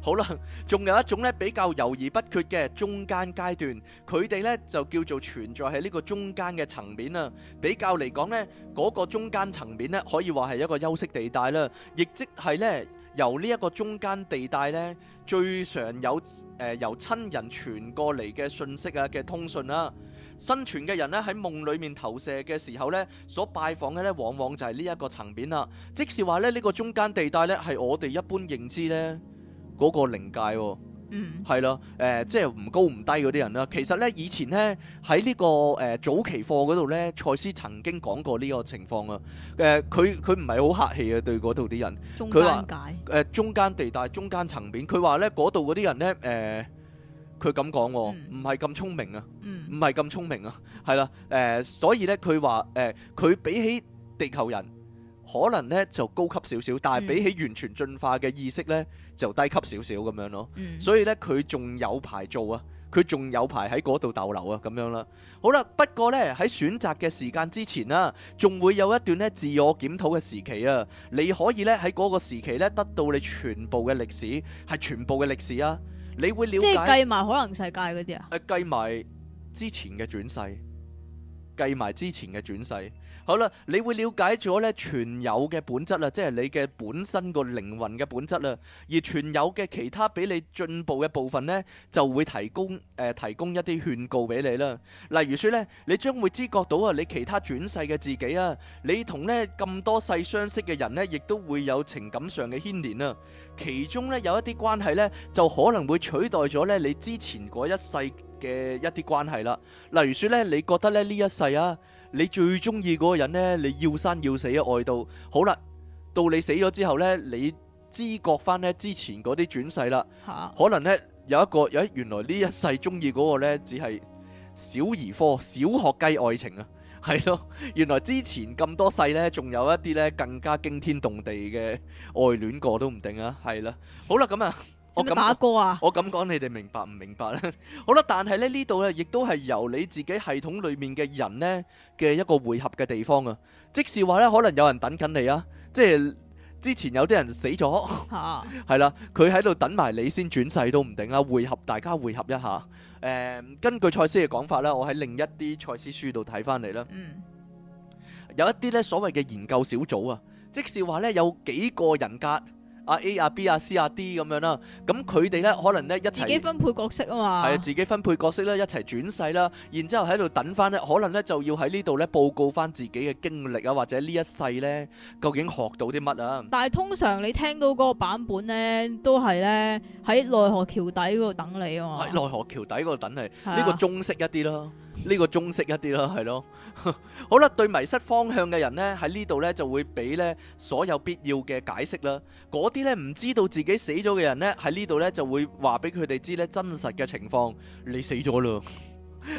好啦，仲有一種咧，比較猶豫不決嘅中間階段，佢哋咧就叫做存在喺呢個中間嘅層面啊。比較嚟講呢，嗰、那個中間層面咧，可以話係一個休息地帶啦。亦即係咧，由呢一個中間地帶咧，最常有誒、呃、由親人傳過嚟嘅訊息啊嘅通訊啦。生存嘅人咧喺夢裏面投射嘅時候咧，所拜訪嘅咧，往往就係呢一個層面啊。即是話咧，呢個中間地帶咧，係我哋一般認知咧。嗰個靈界、哦，嗯，係咯，誒、呃，即係唔高唔低嗰啲人啦、啊。其實咧，以前咧喺呢、這個誒、呃、早期課嗰度咧，賽斯曾經講過呢個情況啊。誒、呃，佢佢唔係好客氣啊，對嗰度啲人。中間界、呃、中間地帶、中間層面，佢話咧嗰度嗰啲人咧，誒、呃，佢咁講，唔係咁聰明啊，唔係咁聰明啊，係啦，誒、呃，所以咧佢話，誒，佢、呃、比起地球人。可能咧就高級少少，但係比起完全進化嘅意識咧就低級少少咁樣咯。嗯、所以咧佢仲有排做啊，佢仲有排喺嗰度逗留啊，咁樣啦。好啦，不過咧喺選擇嘅時間之前啦、啊，仲會有一段咧自我檢討嘅時期啊。你可以咧喺嗰個時期咧得到你全部嘅歷史，係全部嘅歷史啊。你會了解即係計埋可能世界嗰啲啊，誒、呃，計埋之前嘅轉世，計埋之前嘅轉世。好啦，你會了解咗咧全有嘅本質啦，即係你嘅本身個靈魂嘅本質啦。而全有嘅其他俾你進步嘅部分呢，就會提供誒、呃、提供一啲勸告俾你啦。例如說呢，你將會知覺到啊，你其他轉世嘅自己啊，你同呢咁多世相識嘅人呢，亦都會有情感上嘅牽連啦、啊。其中呢，有一啲關係呢，就可能會取代咗呢你之前嗰一世嘅一啲關係啦。例如說呢，你覺得咧呢一世啊。你最中意嗰個人呢？你要生要死、啊、愛到好啦，到你死咗之後呢，你知覺翻呢之前嗰啲轉世啦，啊、可能呢，有一個有原來呢一世中意嗰個呢，只係小兒科、小學雞愛情啊，係咯，原來之前咁多世呢，仲有一啲呢更加驚天動地嘅愛戀過都唔定啊，係啦，好啦咁啊～我咁，打過啊，我咁講，你哋明白唔明白咧？好啦，但係咧，呢度咧，亦都係由你自己系統裏面嘅人咧嘅一個匯合嘅地方啊。即是話咧，可能有人等緊你啊，即係之前有啲人死咗，係啦，佢喺度等埋你先轉世都唔定啊。匯合，大家匯合一下，誒，根據賽斯嘅講法咧，我喺另一啲賽斯書度睇翻嚟啦。嗯，有一啲咧所謂嘅研究小組啊，即是話咧有幾個人格。啊 A 啊 B 啊 C 啊 D 咁樣啦，咁佢哋咧可能咧一齊自己分配角色啊嘛，係啊，自己分配角色咧一齊轉世啦，然之後喺度等翻咧，可能咧就要喺呢度咧報告翻自己嘅經歷啊，或者呢一世咧究竟學到啲乜啊？但係通常你聽到嗰個版本咧，都係咧喺奈何橋底嗰度等你啊，喺奈何橋底嗰度等你，呢個中式一啲咯。呢個中式一啲咯，係咯，好啦，對迷失方向嘅人咧，喺呢度咧就會俾咧所有必要嘅解釋啦。嗰啲咧唔知道自己死咗嘅人咧，喺呢度咧就會話俾佢哋知咧真實嘅情況，你死咗啦，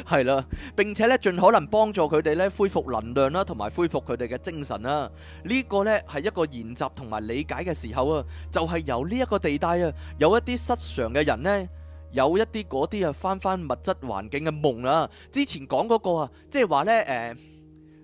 係啦。並且咧盡可能幫助佢哋咧恢復能量啦，同埋恢復佢哋嘅精神啦。呢個咧係一個研習同埋理解嘅時候啊，就係由呢一個地帶啊，有一啲失常嘅人咧。有一啲嗰啲啊，翻翻物質環境嘅夢啦、啊。之前講嗰個啊，即係話呢，誒、啊，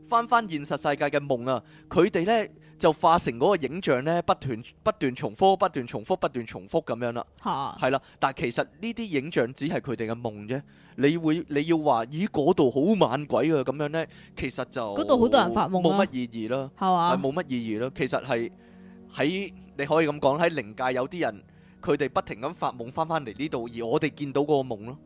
翻翻現實世界嘅夢啊，佢哋呢，就化成嗰個影像呢，不斷不斷重複，不斷重複，不斷重複咁樣啦、啊。嚇、啊，係啦、啊，但其實呢啲影像只係佢哋嘅夢啫。你會你要話，咦嗰度好猛鬼啊咁樣呢，其實就嗰度好多人發夢冇、啊、乜意義咯，係嘛、啊，冇乜意義咯。其實係喺你可以咁講喺靈界有啲人。佢哋不停咁發夢翻返嚟呢度，而我哋見到嗰個夢咯，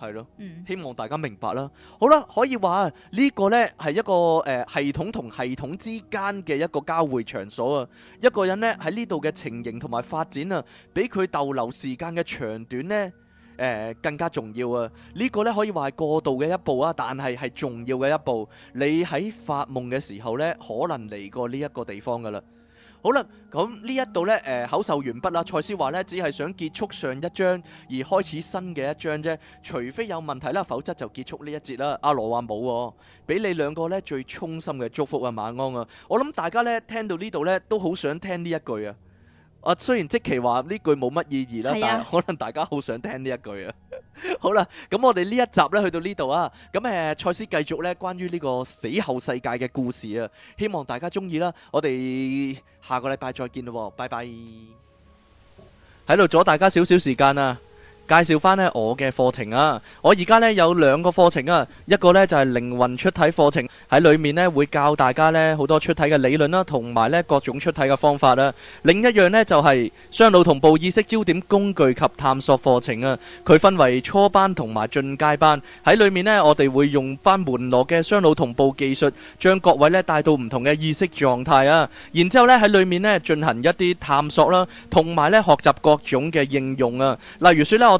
係咯，希望大家明白啦。好啦，可以話呢個呢係一個誒、呃、系統同系統之間嘅一個交匯場所啊。一個人呢喺呢度嘅情形同埋發展啊，比佢逗留時間嘅長短呢誒、呃、更加重要啊。呢、這個呢可以話係過渡嘅一步啊，但係係重要嘅一步。你喺發夢嘅時候呢，可能嚟過呢一個地方噶啦。好啦，咁呢一度呢，誒、呃、口授完畢啦。賽斯話呢，只係想結束上一章而開始新嘅一章啫，除非有問題啦，否則就結束呢一節啦。阿、啊、羅話冇喎，俾你兩個呢最衷心嘅祝福啊，晚安啊！我諗大家呢，聽到呢度呢，都好想聽呢一句啊。我、啊、雖然即奇話呢句冇乜意義啦、啊，啊、但係可能大家好想聽呢一句啊。 好啦，咁我哋呢一集呢去到呢度啊，咁誒、蔡、呃、司繼續呢關於呢個死後世界嘅故事啊，希望大家中意啦，我哋下個禮拜再見咯，拜拜，喺度阻大家少少時間啊。介紹翻呢我嘅課程啊！我而家呢有兩個課程啊，一個呢就係靈魂出體課程，喺裡面呢會教大家呢好多出體嘅理論啦，同埋呢各種出體嘅方法啦。另一樣呢就係雙腦同步意識焦點工具及探索課程啊。佢分為初班同埋進階班，喺裡面呢我哋會用翻門羅嘅雙腦同步技術，將各位呢帶到唔同嘅意識狀態啊。然之後呢喺裡面呢進行一啲探索啦，同埋呢學習各種嘅應用啊。例如説呢，我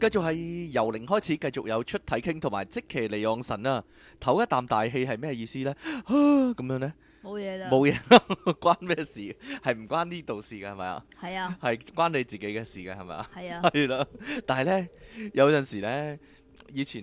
繼續係由零開始，繼續有出體傾，同埋即其利往神啊！唞一啖大氣係咩意思呢？啊，咁樣呢？冇嘢啦，冇嘢，關咩事？係唔關呢度事噶係咪啊？係啊，係關你自己嘅事噶係咪啊？係啊，係啦。但係呢，有陣時呢，以前，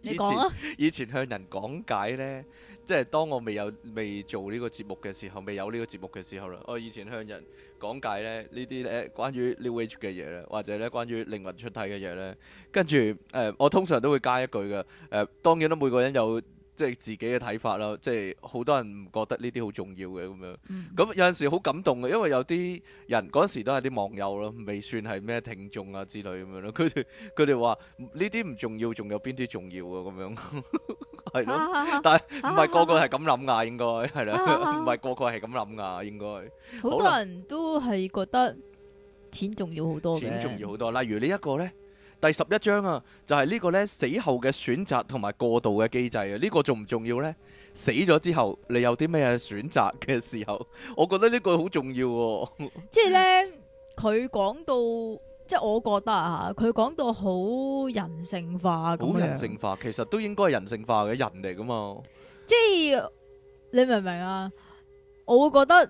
以前，你講啊，以前向人講解呢。即係當我未有未做呢個節目嘅時候，未有呢個節目嘅時候啦，我以前向人講解咧呢啲誒關於 New Age 嘅嘢咧，或者咧關於靈魂出體嘅嘢咧，跟住誒、呃、我通常都會加一句嘅誒、呃，當然啦，每個人有。即係自己嘅睇法啦，即係好多人唔覺得呢啲好重要嘅咁樣。咁有陣時好感動嘅，因為有啲人嗰陣時都係啲網友咯，未算係咩聽眾啊之類咁樣咯。佢哋佢哋話呢啲唔重要，仲有邊啲重要啊？咁樣係咯，但係唔係個個係咁諗㗎？應該係啦，唔係個個係咁諗㗎應該。好多人都係覺得錢重要好多嘅，錢重要好多。例如呢一個咧。第十一章啊，就係呢個咧死後嘅選擇同埋過渡嘅機制啊。呢個重唔重要呢？死咗之後，你有啲咩選擇嘅時候？我覺得呢個好重要啊。即係呢，佢講到即係，我覺得啊佢講到好人性化好人性化，其實都應該係人性化嘅人嚟噶嘛。即係你明唔明啊？我會覺得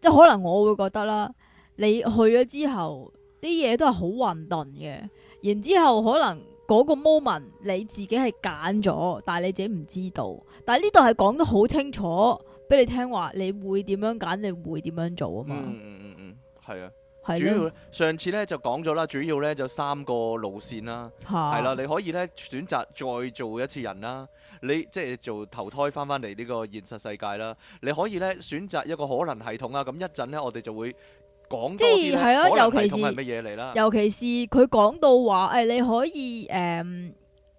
即係，可能我會覺得啦。你去咗之後，啲嘢都係好混沌嘅。然之後，可能嗰個 moment 你自己係揀咗，但係你自己唔知道。但係呢度係講得好清楚俾你聽話，你會點樣揀，你會點樣做啊嘛。嗯嗯嗯嗯，係、嗯、啊。係、嗯的。主要上次咧就講咗啦，主要咧就三個路線啦。係、啊。係啦，你可以咧選擇再做一次人啦，你即係做投胎返返嚟呢個現實世界啦。你可以咧選擇一個可能系統啊，咁一陣咧我哋就會。講即、啊、係係咯，尤其是乜嘢嚟啦？尤其是佢講到話，誒，你可以誒誒、呃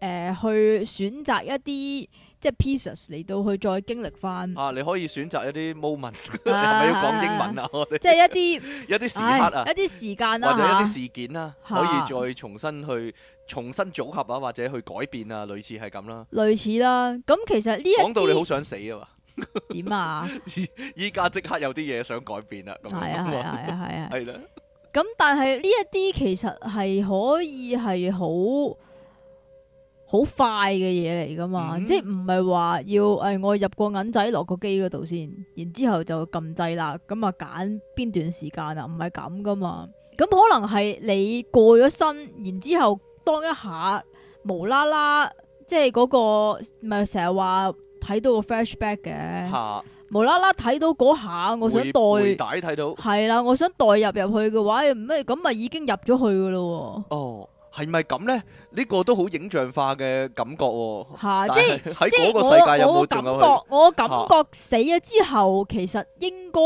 呃、去選擇一啲即係 pieces 嚟到去再經歷翻啊！你可以選擇一啲 moment，係咪要講英文啊？啊我哋們即係一啲 一啲時刻啊，哎、一啲時間啊，或者一啲事件啊，啊可以再重新去重新組合啊，或者去改變啊，類似係咁啦，類似啦。咁其實呢一講到你好想死啊嘛。點啊！依家即刻有啲嘢想改變啦，係係係啊係啊，係啦、啊。咁、啊啊、 但係呢一啲其實係可以係好好快嘅嘢嚟噶嘛，嗯、即係唔係話要誒、嗯哎、我入個銀仔落個機嗰度先，然之後就撳掣啦，咁啊揀邊段時間啊，唔係咁噶嘛。咁可能係你過咗身，然之後當一下無啦啦，即係嗰、嗰個咪成日話。睇到個 flashback 嘅，啊、無啦啦睇到嗰下，我想代帶睇到，係啦，我想代入入去嘅話，咩咁咪已經入咗去噶咯？哦，係咪咁咧？呢、這個都好影像化嘅感覺，吓，即係 即是 個世界有冇仲有？我，感覺，我感覺死咗之後，啊、其實應該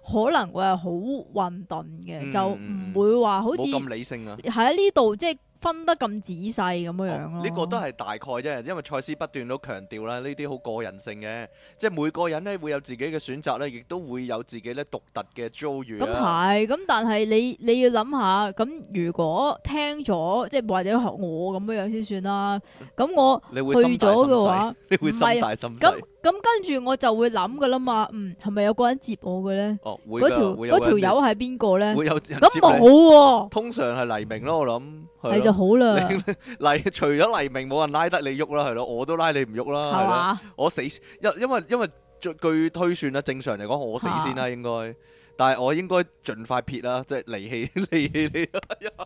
可能會係、嗯、好混沌嘅，就唔會話好似咁理性啊，喺呢度即係。分得咁仔細咁、哦、樣咯，呢個都係大概啫，因為賽斯不斷都強調啦，呢啲好個人性嘅，即係每個人咧會有自己嘅選擇咧，亦都會有自己咧獨特嘅遭遇。咁係、嗯，咁但係你你要諗下，咁如果聽咗即係或者學我咁樣先算啦，咁我你會去咗嘅話，你會心大心細。咁跟住我就會諗噶啦嘛，嗯，係咪有個人接我嘅咧？嗰條嗰條友係邊個咧？咁冇、啊、通常係黎明咯，我諗係就好啦。黎除咗黎明冇人拉得你喐啦，係咯，我都拉你唔喐啦，係嘛？我死因因為因為，因為，因為據推算啦，正常嚟講我死先啦，應該，但係我應該盡快撇啦，即係離棄離棄你啊，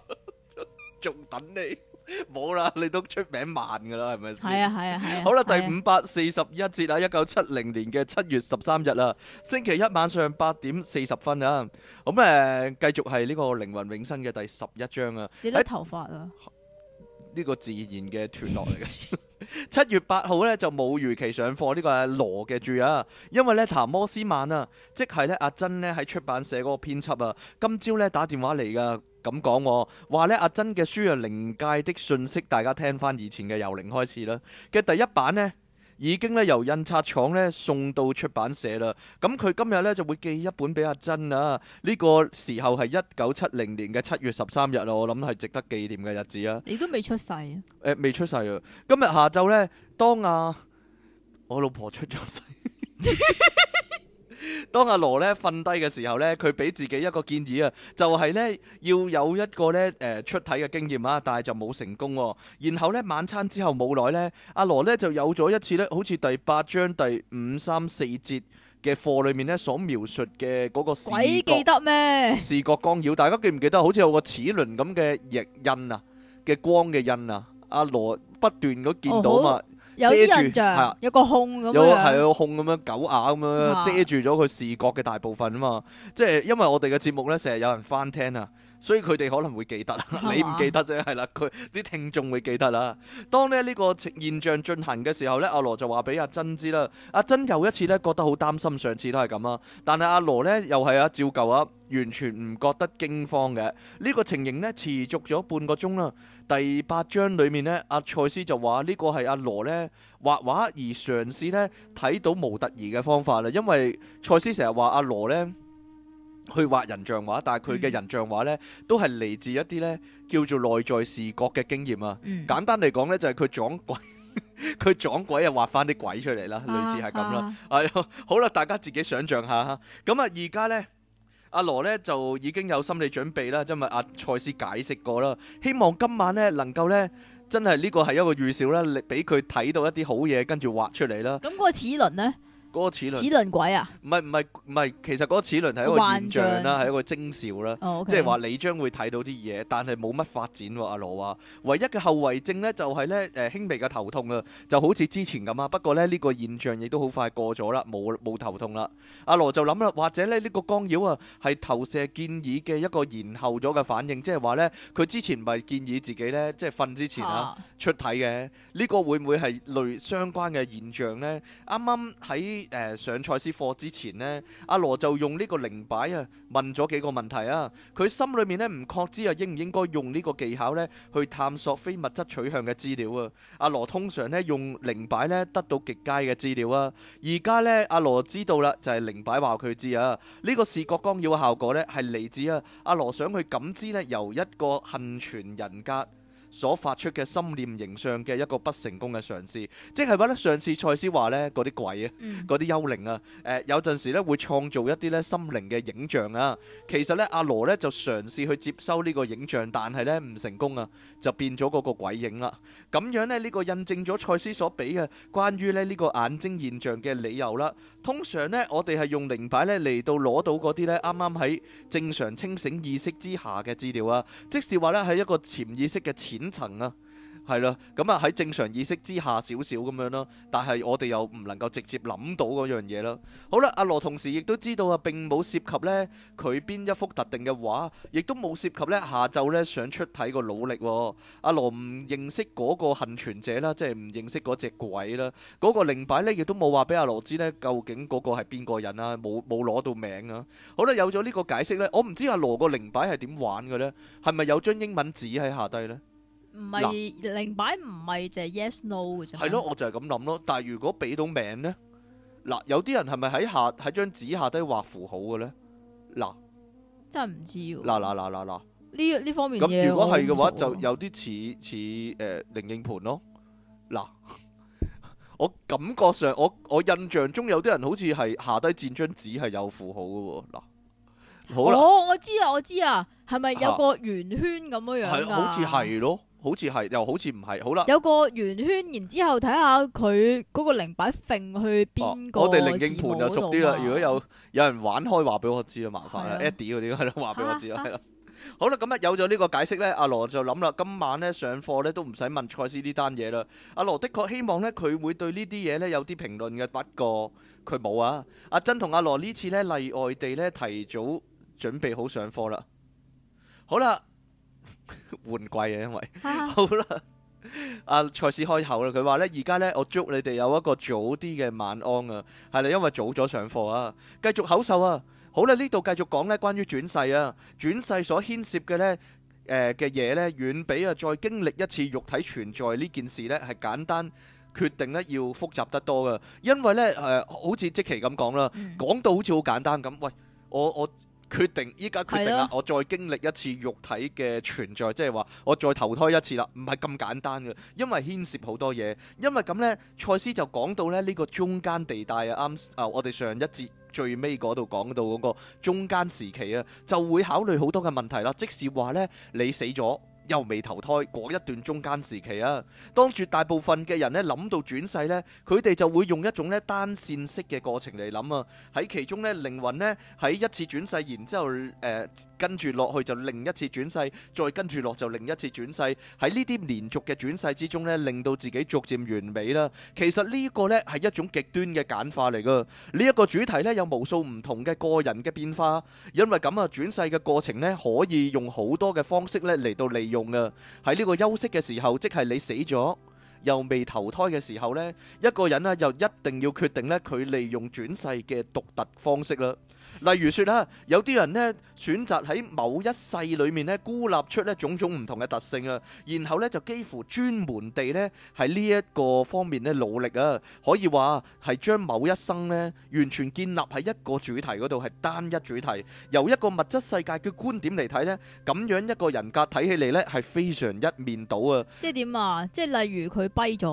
仲等你。冇啦，你都出名慢噶啦，係咪先？係啊，係啊，係、啊。好啦，第五百四十一節啊，一九七零年嘅七月十三日啦，星期一晚上八點四十分啊。咁誒，繼續係呢個靈魂永生嘅第十一章啊。你甩頭髮啊？呢、這個自然嘅脫落嚟嘅。七 月八號呢，就冇如期上課呢、這個係羅嘅註啊，因為呢，譚摩斯曼啊，即係呢，阿珍呢，喺出版社嗰個編輯啊，今朝呢，打電話嚟噶。咁講，話咧阿珍嘅書啊，《靈界的信息》，大家聽翻以前嘅由零開始啦。嘅第一版咧，已經咧由印刷廠咧送到出版社啦。咁佢今日咧就會寄一本俾阿珍啊。呢個時候係一九七零年嘅七月十三日啊，我諗係值得紀念嘅日子啊。你都未出世啊？誒，未出世啊！今日下晝咧，當阿我老婆出咗世。當阿羅咧瞓低嘅時候咧，佢俾自己一個建議啊，就係、是、咧要有一個咧誒、呃、出體嘅經驗啊，但係就冇成功、啊。然後咧晚餐之後冇耐咧，阿羅咧就有咗一次咧，好似第八章第五三四節嘅課裏面咧所描述嘅嗰個視覺鬼記得咩？視覺光繞，大家記唔記得好似有個齒輪咁嘅翼印啊嘅光嘅印啊？阿羅不斷咁見到嘛。哦遮住有啲印象，啊、有個空咁樣有，有個係個空咁樣，狗牙咁樣遮住咗佢視覺嘅大部分啊嘛。啊即係因為我哋嘅節目咧，成日有人翻聽啊。所以佢哋可能會記得， 你唔記得啫，係啦。佢啲聽眾會記得啦。當咧呢個現象進行嘅時候呢，阿羅就話俾阿珍知啦。阿珍又一次呢覺得好擔心，上次都係咁啊。但係阿羅呢又係啊，照舊啊，完全唔覺得驚慌嘅。呢個情形呢持續咗半個鐘啦。第八章裡面呢，阿賽斯就話呢個係阿羅呢畫畫而嘗試呢睇到模特兒嘅方法啦。因為賽斯成日話阿羅呢。去畫人像畫，但係佢嘅人像畫呢，嗯、都係嚟自一啲呢叫做內在視覺嘅經驗啊。嗯、簡單嚟講呢，就係佢撞鬼，佢 撞鬼，又鬼啊，畫翻啲鬼出嚟啦，類似係咁啦。係咯，好啦，大家自己想象下嚇。咁啊，而家呢，阿、啊、羅呢，就已經有心理準備啦。因為阿賽斯解釋過啦。希望今晚呢，能夠呢，真係呢個係一個預兆啦，俾佢睇到一啲好嘢，跟住畫出嚟啦。咁嗰個齒輪呢？嗰個齒輪齒輪鬼啊？唔係唔係唔係，其實嗰個齒輪係一個現象啦，係一個徵兆啦。哦，即係話你將會睇到啲嘢，但係冇乜發展喎。阿羅話，唯一嘅後遺症咧就係咧，誒輕微嘅頭痛啊，就好似之前咁啊。不過咧，呢個現象亦都好快過咗啦，冇冇頭痛啦。阿羅就諗啦，或者咧，呢個干擾啊係投射建議嘅一個延後咗嘅反應，即係話咧，佢之前咪建議自己咧，即係瞓之前啊出體嘅，呢個會唔會係類相關嘅現象咧？啱啱喺。誒，上賽斯課之前呢，阿羅就用呢個靈擺啊，問咗幾個問題啊。佢心裏面呢，唔確知啊，應唔應該用呢個技巧呢去探索非物質取向嘅資料啊。阿羅通常呢，用靈擺呢得到極佳嘅資料啊。而家呢，阿羅知道啦，就係靈擺話佢知啊。呢、這個視覺光耀嘅效果呢，係嚟自啊，阿羅想佢感知呢，由一個幸存人格所發出嘅心念形象嘅一個不成功嘅嘗試，即係話呢，上次賽斯話呢嗰啲鬼啊，嗰啲幽靈啊，誒有陣時呢會創造一啲呢心靈嘅影像啊。其實呢，阿羅呢就嘗試去接收呢個影像，但係呢唔成功啊，就變咗嗰個鬼影啦。咁樣呢，呢個印證咗賽斯所俾嘅關於呢呢個眼睛現象嘅理由啦。通常呢，我哋係用靈擺呢嚟到攞到嗰啲呢啱啱喺正常清醒意識之下嘅資料啊。即係話呢，喺一個潛意識嘅前層啦，係咯、嗯，咁啊喺正常意識之下少少咁樣咯，但係我哋又唔能夠直接諗到嗰樣嘢咯。好啦，阿羅同時亦都知道啊，並冇涉及呢，佢邊一幅特定嘅畫，亦都冇涉及呢，下晝呢，想出體個努力。阿羅唔認識嗰個幸存者啦，即係唔認識嗰隻鬼啦，嗰、嗰個靈擺呢亦都冇話俾阿羅知呢，究竟嗰個係邊個人啊，冇冇攞到名啊。好啦，有咗呢個解釋呢，我唔知阿羅個靈擺係點玩嘅呢，係咪有張英文紙喺下低呢？唔係零擺，唔係就 yes no 嘅啫。了，係咯，我就係咁諗咯。但係如果俾到名咧，嗱，有啲人係咪喺下喺張紙下低畫符號嘅咧？嗱，真係唔知喎。嗱嗱嗱嗱嗱，呢呢方面咁，如果係嘅話，就有啲似似誒靈應盤咯。嗱，我感覺上我我印象中有啲人好似係下低墊張紙係有符號嘅喎。嗱，好啦，我我知啦，我知啊，係咪有個圓圈咁樣樣？係好似係咯。好似係，又好似唔係，好啦。有個圓圈，然之後睇下佢嗰個靈擺揈去邊個，啊？我哋靈應盤就熟啲啦。啊、如果有有人玩開話，話俾我知啊，麻煩啦了，Eddie 嗰啲係啦，話俾我知係啦。啊、 好啦，咁、嗯、啊有咗呢個解釋咧，阿羅就諗啦，今晚咧上課咧都唔使問賽斯呢單嘢啦。阿羅的確希望咧佢會對呢啲嘢咧有啲評論嘅，不過佢冇啊。阿珍同阿羅次呢次咧例外地咧提早準備好上課啦。好啦。換 季啊，因為好啦，阿賽斯開口啦，佢話呢，而家呢，我祝你哋有一個早啲嘅晚安啊，係啦，因為早咗上課啊，繼續口授啊，好啦、啊，繼呢度繼續講呢關於轉世啊，轉世所牽涉嘅呢誒嘅嘢呢，遠、呃、比啊再經歷一次肉體存在，呢件事呢，係簡單決定呢要複雜得多噶，因為呢，誒、呃，好似即期咁講啦，講到、嗯、好似好簡單咁，喂，我我。我決定依家決定啦！的我再經歷一次肉體嘅存在，即係話我再投胎一次啦，唔係咁簡單嘅，因為牽涉好多嘢。因為咁呢，賽斯就講到呢呢個中間地帶啊，啱啊！我哋上一節最尾嗰度講到嗰個中間時期啊，就會考慮好多嘅問題啦。即係話呢，你死咗，又未投胎，嗰一段中間時期啊，當絕大部分嘅人咧諗到轉世咧，佢哋就會用一種咧單線式嘅過程嚟諗啊。喺其中咧，靈魂咧喺一次轉世，然之後誒跟住落去就另一次轉世，再跟住落就另一次轉世。喺呢啲連續嘅轉世之中咧，令到自己逐漸完美啦。其實呢個咧係一種極端嘅簡化嚟㗎。呢一個主題咧有無數唔同嘅個人嘅變化，因為咁啊轉世嘅過程咧可以用好多嘅方式咧嚟到利用。用喺呢個休息嘅時候，即係你死咗。又未投胎嘅時候咧，一個人咧又一定要決定咧佢利用轉世嘅獨特方式啦。例如説啦，有啲人咧選擇喺某一世裏面咧孤立出咧種種唔同嘅特性啊，然後咧就幾乎專門地咧喺呢一個方面咧努力啊，可以話係將某一生咧完全建立喺一個主題嗰度，係單一主題。由一個物質世界嘅觀點嚟睇咧，咁樣一個人格睇起嚟咧係非常一面倒啊！即係點啊？即係例如佢。咗，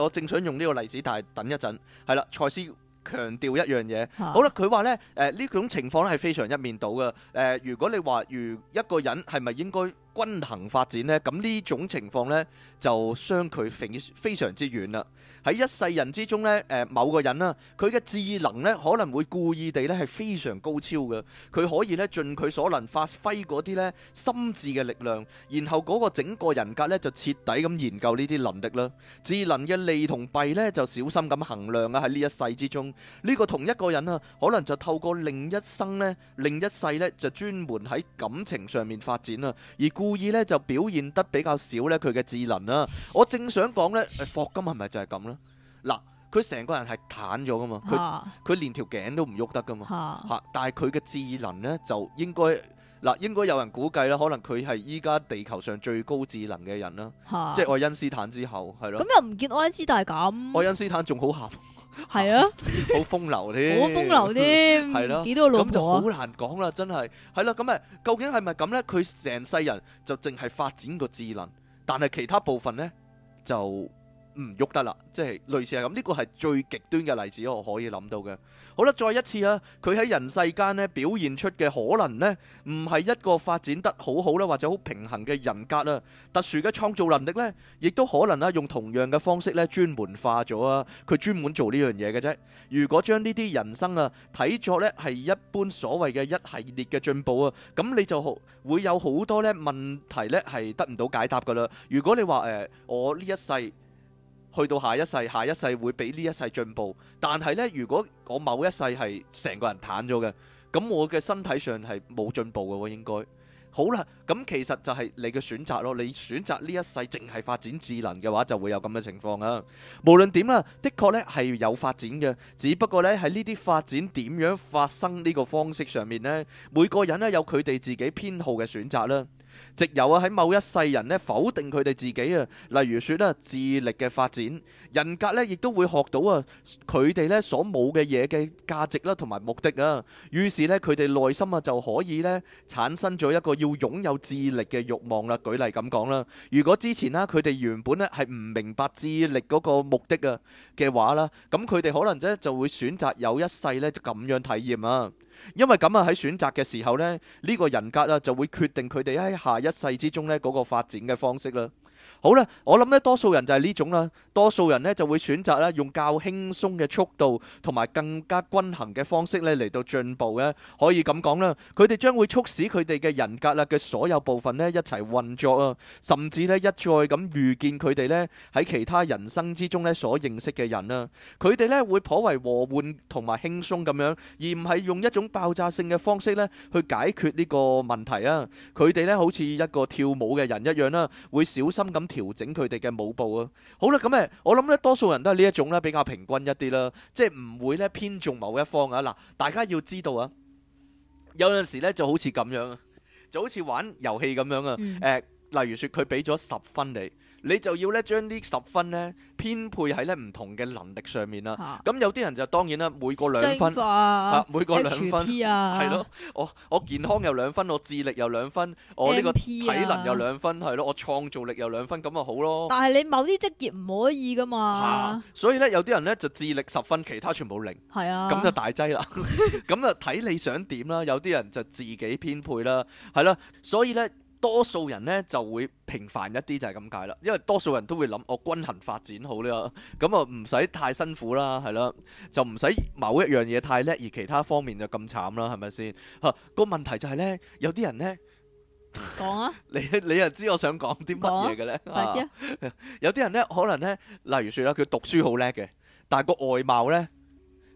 我正想用呢個例子，但係等一陣，係啦，賽斯強調一樣嘢，啊、好啦，佢話咧，誒、呃、呢種情況咧係非常一面倒嘅，誒、呃、如果你話如一個人係咪應該？均衡發展呢，咁呢種情況呢，就相距非常之遠啦。喺一世人之中呢，誒、某個人啊，佢嘅智能呢可能會故意地呢係非常高超嘅，佢可以呢盡佢所能發揮嗰啲呢心智嘅力量，然後嗰個整個人格呢就徹底咁研究呢啲能力啦。智能嘅利同弊呢就小心咁衡量啊！喺呢一世之中，呢個同一個人啊，可能就透過另一生呢，另一世呢就專門喺感情上面發展啦，而故意咧就表現得比較少咧佢嘅智能啦、啊，我正想講咧、哎、霍金係咪就係咁咧？嗱，佢成個人係癱咗噶嘛，佢佢、啊、連條頸都唔喐得噶嘛嚇、啊啊，但係佢嘅智能咧就應該嗱應該有人估計啦，可能佢係依家地球上最高智能嘅人啦，啊、即係愛因斯坦之後係咯。咁、嗯、又唔見愛因斯坦係咁？愛因斯坦仲好喊。 係啊，好風流添，好風流添，係咯，幾多老婆，咁就好難講啦，真係，係啦，咁啊，究竟係咪咁咧？佢成世人就淨係發展個智能，但係其他部分咧就。唔喐得啦，即係類似係咁，呢個係最極端嘅例子，我可以諗到嘅。好啦，再一次啊，佢喺人世間咧表現出嘅可能呢，唔係一個發展得好好咧，或者好平衡嘅人格啦，特殊嘅創造能力呢，亦都可能啦，用同樣嘅方式咧，專門化咗啊，佢專門做呢樣嘢嘅啫。如果將呢啲人生啊睇作呢係一般所謂嘅一系列嘅進步啊，咁你就會有好多呢問題呢係得唔到解答噶啦。如果你話誒、呃、我呢一世，去到下一世，下一世會比呢一世進步。但係呢，如果我某一世係成個人癱咗嘅，咁我嘅身體上係冇進步噶喎，應該。好啦，咁其實就係你嘅選擇咯。你選擇呢一世淨係發展智能嘅話，就會有咁嘅情況啊。無論點啦，的確呢係有發展嘅，只不過呢喺呢啲發展點樣發生呢個方式上面呢，每個人呢有佢哋自己偏好嘅選擇啦。藉由啊喺某一世人咧，否定佢哋自己啊，例如說咧智力嘅發展，人格呢亦都會學到啊，佢哋呢所冇嘅嘢嘅價值啦，同埋目的啊，於是呢，佢哋內心啊就可以呢產生咗一個要擁有智力嘅欲望啦。舉例咁講啦，如果之前啦佢哋原本呢係唔明白智力嗰個目的啊嘅話啦，咁佢哋可能呢就會選擇有一世呢就咁樣體驗啊。因為咁啊，喺選擇嘅時候呢，呢、呢個人格啊就會決定佢哋喺下一世之中呢，嗰個發展嘅方式啦。好啦，我諗呢，多數人就係呢種啦，多數人呢就會選擇啦，用較輕鬆嘅速度同埋更加均衡嘅方式呢嚟到進步嘅，可以咁講啦。佢哋將會促使佢哋嘅人格啦嘅所有部分呢一齊運作啊，甚至呢一再咁遇見佢哋呢喺其他人生之中呢所認識嘅人啊，佢哋呢會頗為和緩同埋輕鬆咁樣，而唔係用一種爆炸性嘅方式呢去解決呢個問題啊。佢哋呢好似一個跳舞嘅人一樣啦，會小心。咁調整佢哋嘅舞步啊！好啦，咁誒，我諗咧多數人都係呢一種咧，比較平均一啲啦，即係唔會咧偏重某一方啊！嗱，大家要知道啊，有陣時咧就好似咁樣啊，就好似玩遊戲咁樣啊，誒、呃，例如説佢俾咗十分你。你就要咧將呢十分咧編配喺咧唔同嘅能力上面啦。咁、啊、有啲人就當然啦，每個兩分、啊啊、每個兩分，係咯。我、啊、 我健康又兩分，我智力又兩分，啊、我呢個體能又兩分，係咯，我創造力又兩分，咁啊好咯。但係你某啲職業唔可以㗎嘛、啊。所以咧，有啲人咧就智力十分，其他全部零。係啊。咁就大劑啦。咁啊，睇你想點啦。有啲人就自己編配啦，係啦。所以咧。多數人呢就會平凡一啲就係咁解啦，因為多數人都會諗我均衡發展好呢，啊，咁啊唔使太辛苦啦，係啦，就唔使某一樣嘢太叻而其他方面就咁慘啦，係咪先？嚇、啊、個問題就係、係、呢：有啲人呢，講啊， 你你又知我想講啲乜嘢嘅呢？啊、 有啲人呢，可能呢，例如説啦，佢讀書好叻嘅，但係個外貌呢，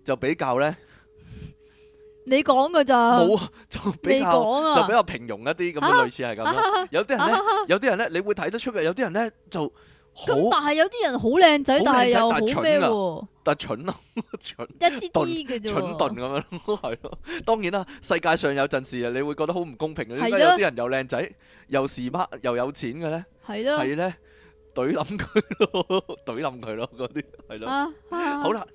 就比較呢。你講噶咋？冇啊，就比較就比較平庸一啲咁樣，類似係咁樣。有啲人咧，有啲人咧，你會睇得出嘅。有啲人咧就好，但係有啲人好靚仔，但係又好咩喎？但係蠢咯，蠢一啲啲嘅啫，蠢鈍咁樣，係咯。當然啦，世界上有陣時啊，你會覺得好唔公平嘅。點解有啲人又靚仔，又時髦，又有錢嘅咧？係咯，係咧，懟冧佢咯，懟冧佢咯，嗰啲係咯。好啦。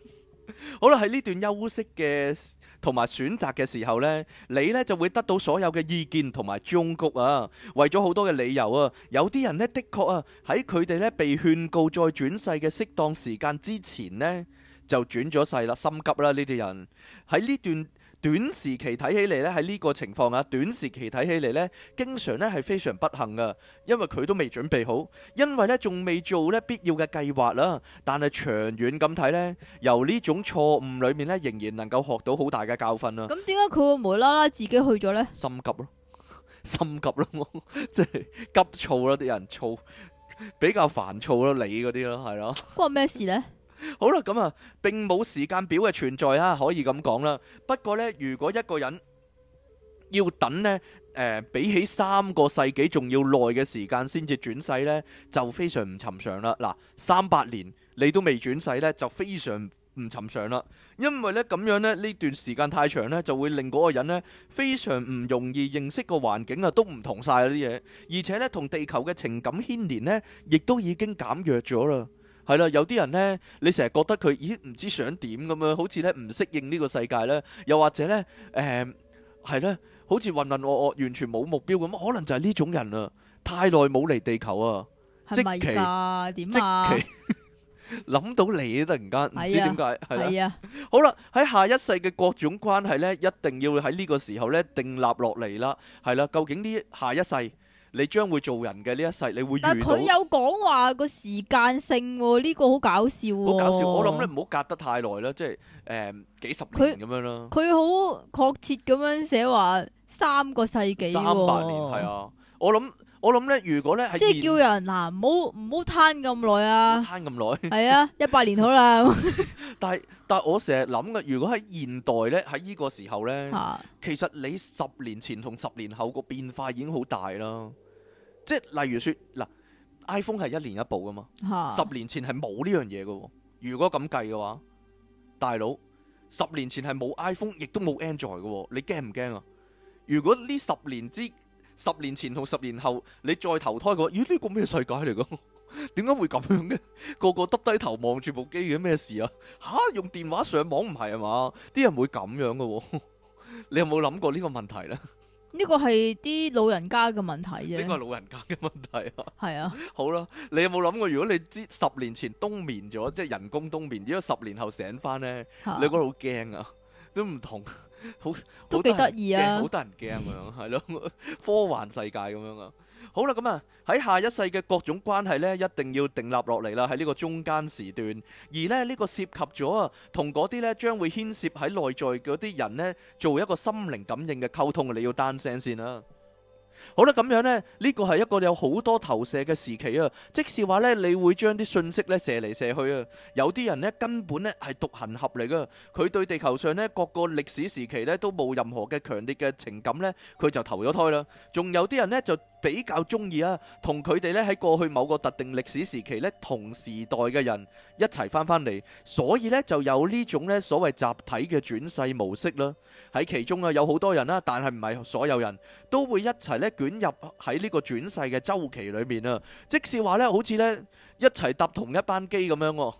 好啦，喺呢段休息嘅同埋選擇嘅時候呢，你呢就會得到所有嘅意見同埋忠告啊。為咗好多嘅理由啊，有啲人呢，的確啊，喺佢哋呢被勸告再轉世嘅適當時間之前呢，就轉咗世啦，心急啦，呢啲人喺呢段短時期睇起嚟咧，喺呢個情況啊，短時期睇起嚟咧，經常咧係非常不幸噶，因為佢都未準備好，因為咧仲未做咧必要嘅計劃啦。但係長遠咁睇咧，由呢種錯誤裏面咧，仍然能夠學到好大嘅教訓啊。咁點解佢會無啦啦自己去咗咧？心急咯，心急咯，即係急躁啦，啲人躁，比較煩躁咯，你嗰啲咯，係咯。關咩事咧？好啦，咁啊，並冇時間表嘅存在啊，可以咁講啦。不過呢，如果一個人要等呢，誒、呃，比起三個世紀仲要耐嘅時間先至轉世呢，就非常唔尋常啦。嗱，三百年你都未轉世呢，就非常唔尋常啦。因為呢，咁樣呢，呢段時間太長呢，就會令嗰個人呢，非常唔容易認識個環境啊，都唔同曬啲嘢，而且呢，同地球嘅情感牽連呢，亦都已經減弱咗啦。係啦，有啲人呢，你成日覺得佢，咦？唔知想點咁樣，好似呢唔適應呢個世界呢，又或者呢，誒、嗯，係咧，好似混混噩噩，完全冇目標咁，可能就係呢種人啦。太耐冇嚟地球啊，是是即期其點啊？諗 到你突然間唔 的知點解，係啦。的好啦，喺下一世嘅各種關係呢，一定要喺呢個時候呢定立落嚟啦。係啦，究竟呢下一世？你將會做人嘅呢一世，你會遇到。但佢有講話個時間性喎，呢個好搞笑。好搞笑！我諗咧，唔好隔得太耐啦，即係誒、嗯、幾十年咁樣啦。佢好確切咁樣寫話三個世紀。三百年係啊，我諗。我諗咧，如果咧係即係叫人嗱，唔好唔好攤咁耐啊！攤咁耐係啊，一百年好啦。但係但係，我成日諗嘅，如果喺現代咧，喺呢個時候咧，吓，其實你十年前同十年後個變化已經好大啦。即係例如說嗱，iPhone 係一年一部噶嘛，十年前係冇呢樣嘢噶。如果咁計嘅話，大佬十年前係冇 iPhone，亦都冇 Android 噶。你驚唔驚啊？如果呢十年之十年前同十年後，你再投胎嘅話，咦，呢個咩世界嚟噶？點解會咁樣嘅？個個耷低頭望住部機嘅咩事啊？吓、啊、用電話上網唔係啊嘛？啲人會咁樣嘅、哦？ 你有冇諗過呢個問題咧？呢個係啲老人家嘅問題啫。呢個係 老人家嘅問題啊。係啊。 好啦，你有冇諗過，如果你知十年前冬眠咗，即係人工冬眠，如果十年後醒翻呢？你覺得好驚啊？都唔同。 好都得意啊，好得 人驚啊，係咯，科幻世界咁樣啊。好啦，咁啊喺下一世嘅各種關係呢，一定要訂立落嚟啦，喺呢個中間時段，而咧呢、呢個涉及咗啊，同嗰啲呢將會牽涉喺內在嗰啲人呢，做一個心靈感應嘅溝通，你要單聲先啦。好啦，咁樣呢，呢個係一個有好多投射嘅時期啊！即使話呢，你會將啲信息呢射嚟射去啊，有啲人呢，根本呢係獨行俠嚟噶，佢對地球上呢，各個歷史時期呢，都冇任何嘅強烈嘅情感呢，佢就投咗胎啦。仲有啲人呢，就。比較中意啊，同佢哋呢喺過去某個特定歷史時期呢同時代嘅人一齊翻翻嚟，所以呢，就有呢種呢所謂集體嘅轉世模式啦。喺其中啊有好多人啦，但係唔係所有人都會一齊呢捲入喺呢個轉世嘅周期裏面啊。即使話呢，好似呢一齊搭同一班機咁樣，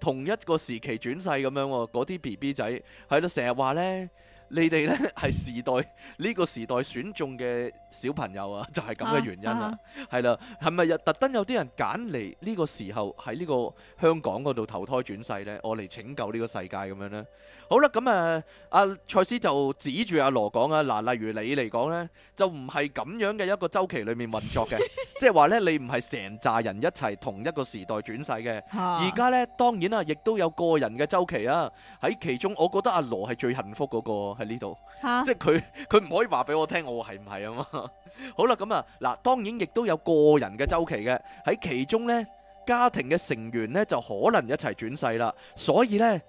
同一個時期轉世咁樣，嗰啲 BB 仔喺度成日話呢。你哋呢，係時代呢、這個時代選中嘅小朋友啊，就係咁嘅原因啦、啊。係啦、啊，係咪又特登有啲人揀嚟呢個時候喺呢個香港嗰度投胎轉世呢？我嚟拯救呢個世界咁樣呢？好啦，咁、嗯、啊，阿蔡斯就指住阿羅講啊，嗱、呃，例如你嚟講呢，就唔係咁樣嘅一個周期裏面運作嘅，即係話呢，你唔係成扎人一齊同一個時代轉世嘅。而家、啊、呢，當然啦、啊，亦都有個人嘅周期啊。喺其中，我覺得阿羅係最幸福嗰個、啊。喺呢度，即係佢佢唔可以話俾我聽，我係唔係啊嘛？好啦，咁啊嗱，當然亦都有個人嘅周期嘅，喺其中咧，家庭嘅成員咧就可能一齊轉世啦，所以咧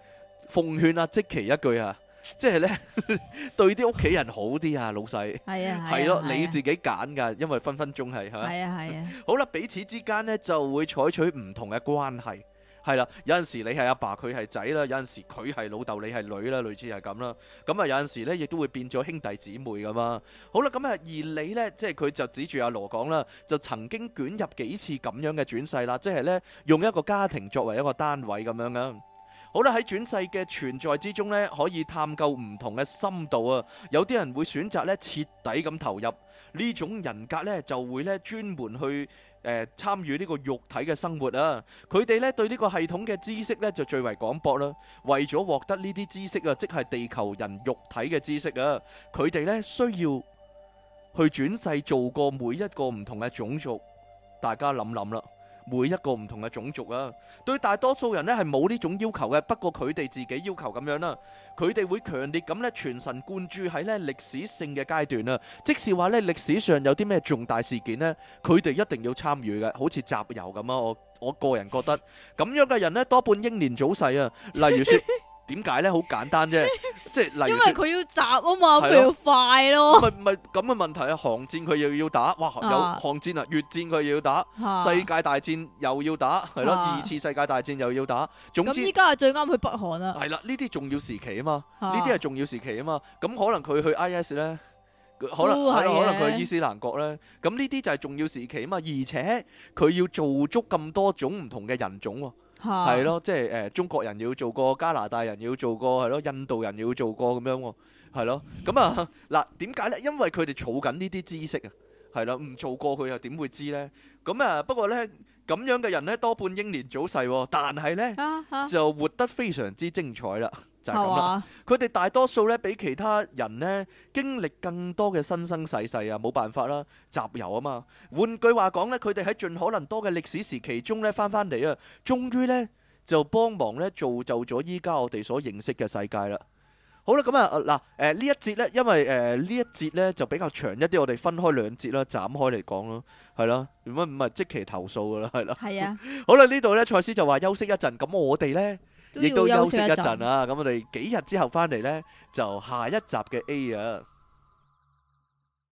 奉勸啊即其一句啊，即係咧對啲屋企人好啲啊，老細係啊係咯，你自己揀噶，因為分分鐘係係嘛，係啊係啊，好啦，彼此之間咧就會採取唔同嘅關係。係啦，有陣時你係阿爸佢係仔啦，有陣時佢係老豆你係女啦，類似係咁啦。咁啊有陣時咧，亦都會變咗兄弟姊妹咁嘛。好啦，咁啊而你咧，即係佢就指住阿羅講啦，就曾經捲入幾次咁樣嘅轉世啦，即係咧用一個家庭作為一個單位咁樣樣。好啦，喺轉世嘅存在之中咧，可以探究唔同嘅深度啊。有啲人會選擇咧徹底咁投入呢種人格咧，就會咧專門去。誒、呃，參與呢個肉體嘅生活啊，佢哋呢對呢個系統嘅知識呢就最為廣博啦。為咗獲得呢啲知識啊，即係地球人肉體嘅知識啊，佢哋呢需要去轉世做過每一個唔同嘅種族，大家諗諗啦。每一個唔同嘅種族啊，對大多數人呢係冇呢種要求嘅，不過佢哋自己要求咁樣啦，啊，佢哋會強烈咁呢，全神貫注喺呢歷史性嘅階段啊。即使話呢，歷史上有啲咩重大事件呢，佢哋一定要參與嘅，好似集郵咁啊！我我個人覺得咁 樣嘅人呢，多半英年早逝啊，例如說。 點解咧？好簡單啫， 即係因為佢要集啊嘛，佢是、啊、要快咯。唔係唔係咁嘅問題啊！韓戰佢又要打，哇有韓戰啊！越戰佢又要打，啊、世界大戰又要打，係、啊、咯？二次世界大戰又要打。總之，咁依家係最啱去北韓啦！係啦，呢啲重要時期啊嘛，呢啲係重要時期啊嘛。咁可能佢去 I S 咧，可能係咯，可能佢去伊斯蘭國咧。咁呢啲就係重要時期啊嘛，是嘛，而且佢要做足咁多種唔同嘅人種。係咯， 即係誒、呃、中國人要做過，加拿大人要做過，係咯，印度人要做過咁樣喎、哦，係咯，咁 啊嗱點解呢？因為佢哋儲緊呢啲知識知啊，係啦，唔做過佢又點會知呢？咁啊不過呢，咁樣嘅人呢，多半英年早逝、哦，但係呢，就活得非常之精彩啦。 就咁佢哋大多數咧比其他人咧經歷更多嘅生生世世啊，冇辦法啦，集郵啊嘛。換句話講咧，佢哋喺盡可能多嘅歷史時期中咧翻翻嚟啊，終於咧就幫忙咧造就咗依家我哋所認識嘅世界啦。好啦，咁啊嗱誒呢一節咧，因為誒呢、呃、一節咧就比較長一啲，我哋分開兩節啦，斬開嚟講咯，係咯，唔咪唔咪即期投訴噶啦，係咯。係是啊。 好啦，呢度咧蔡司就話休息一陣，咁我哋咧。亦都休息一陣啊！咁我哋幾日之後翻嚟咧，就下一集嘅 A 啊。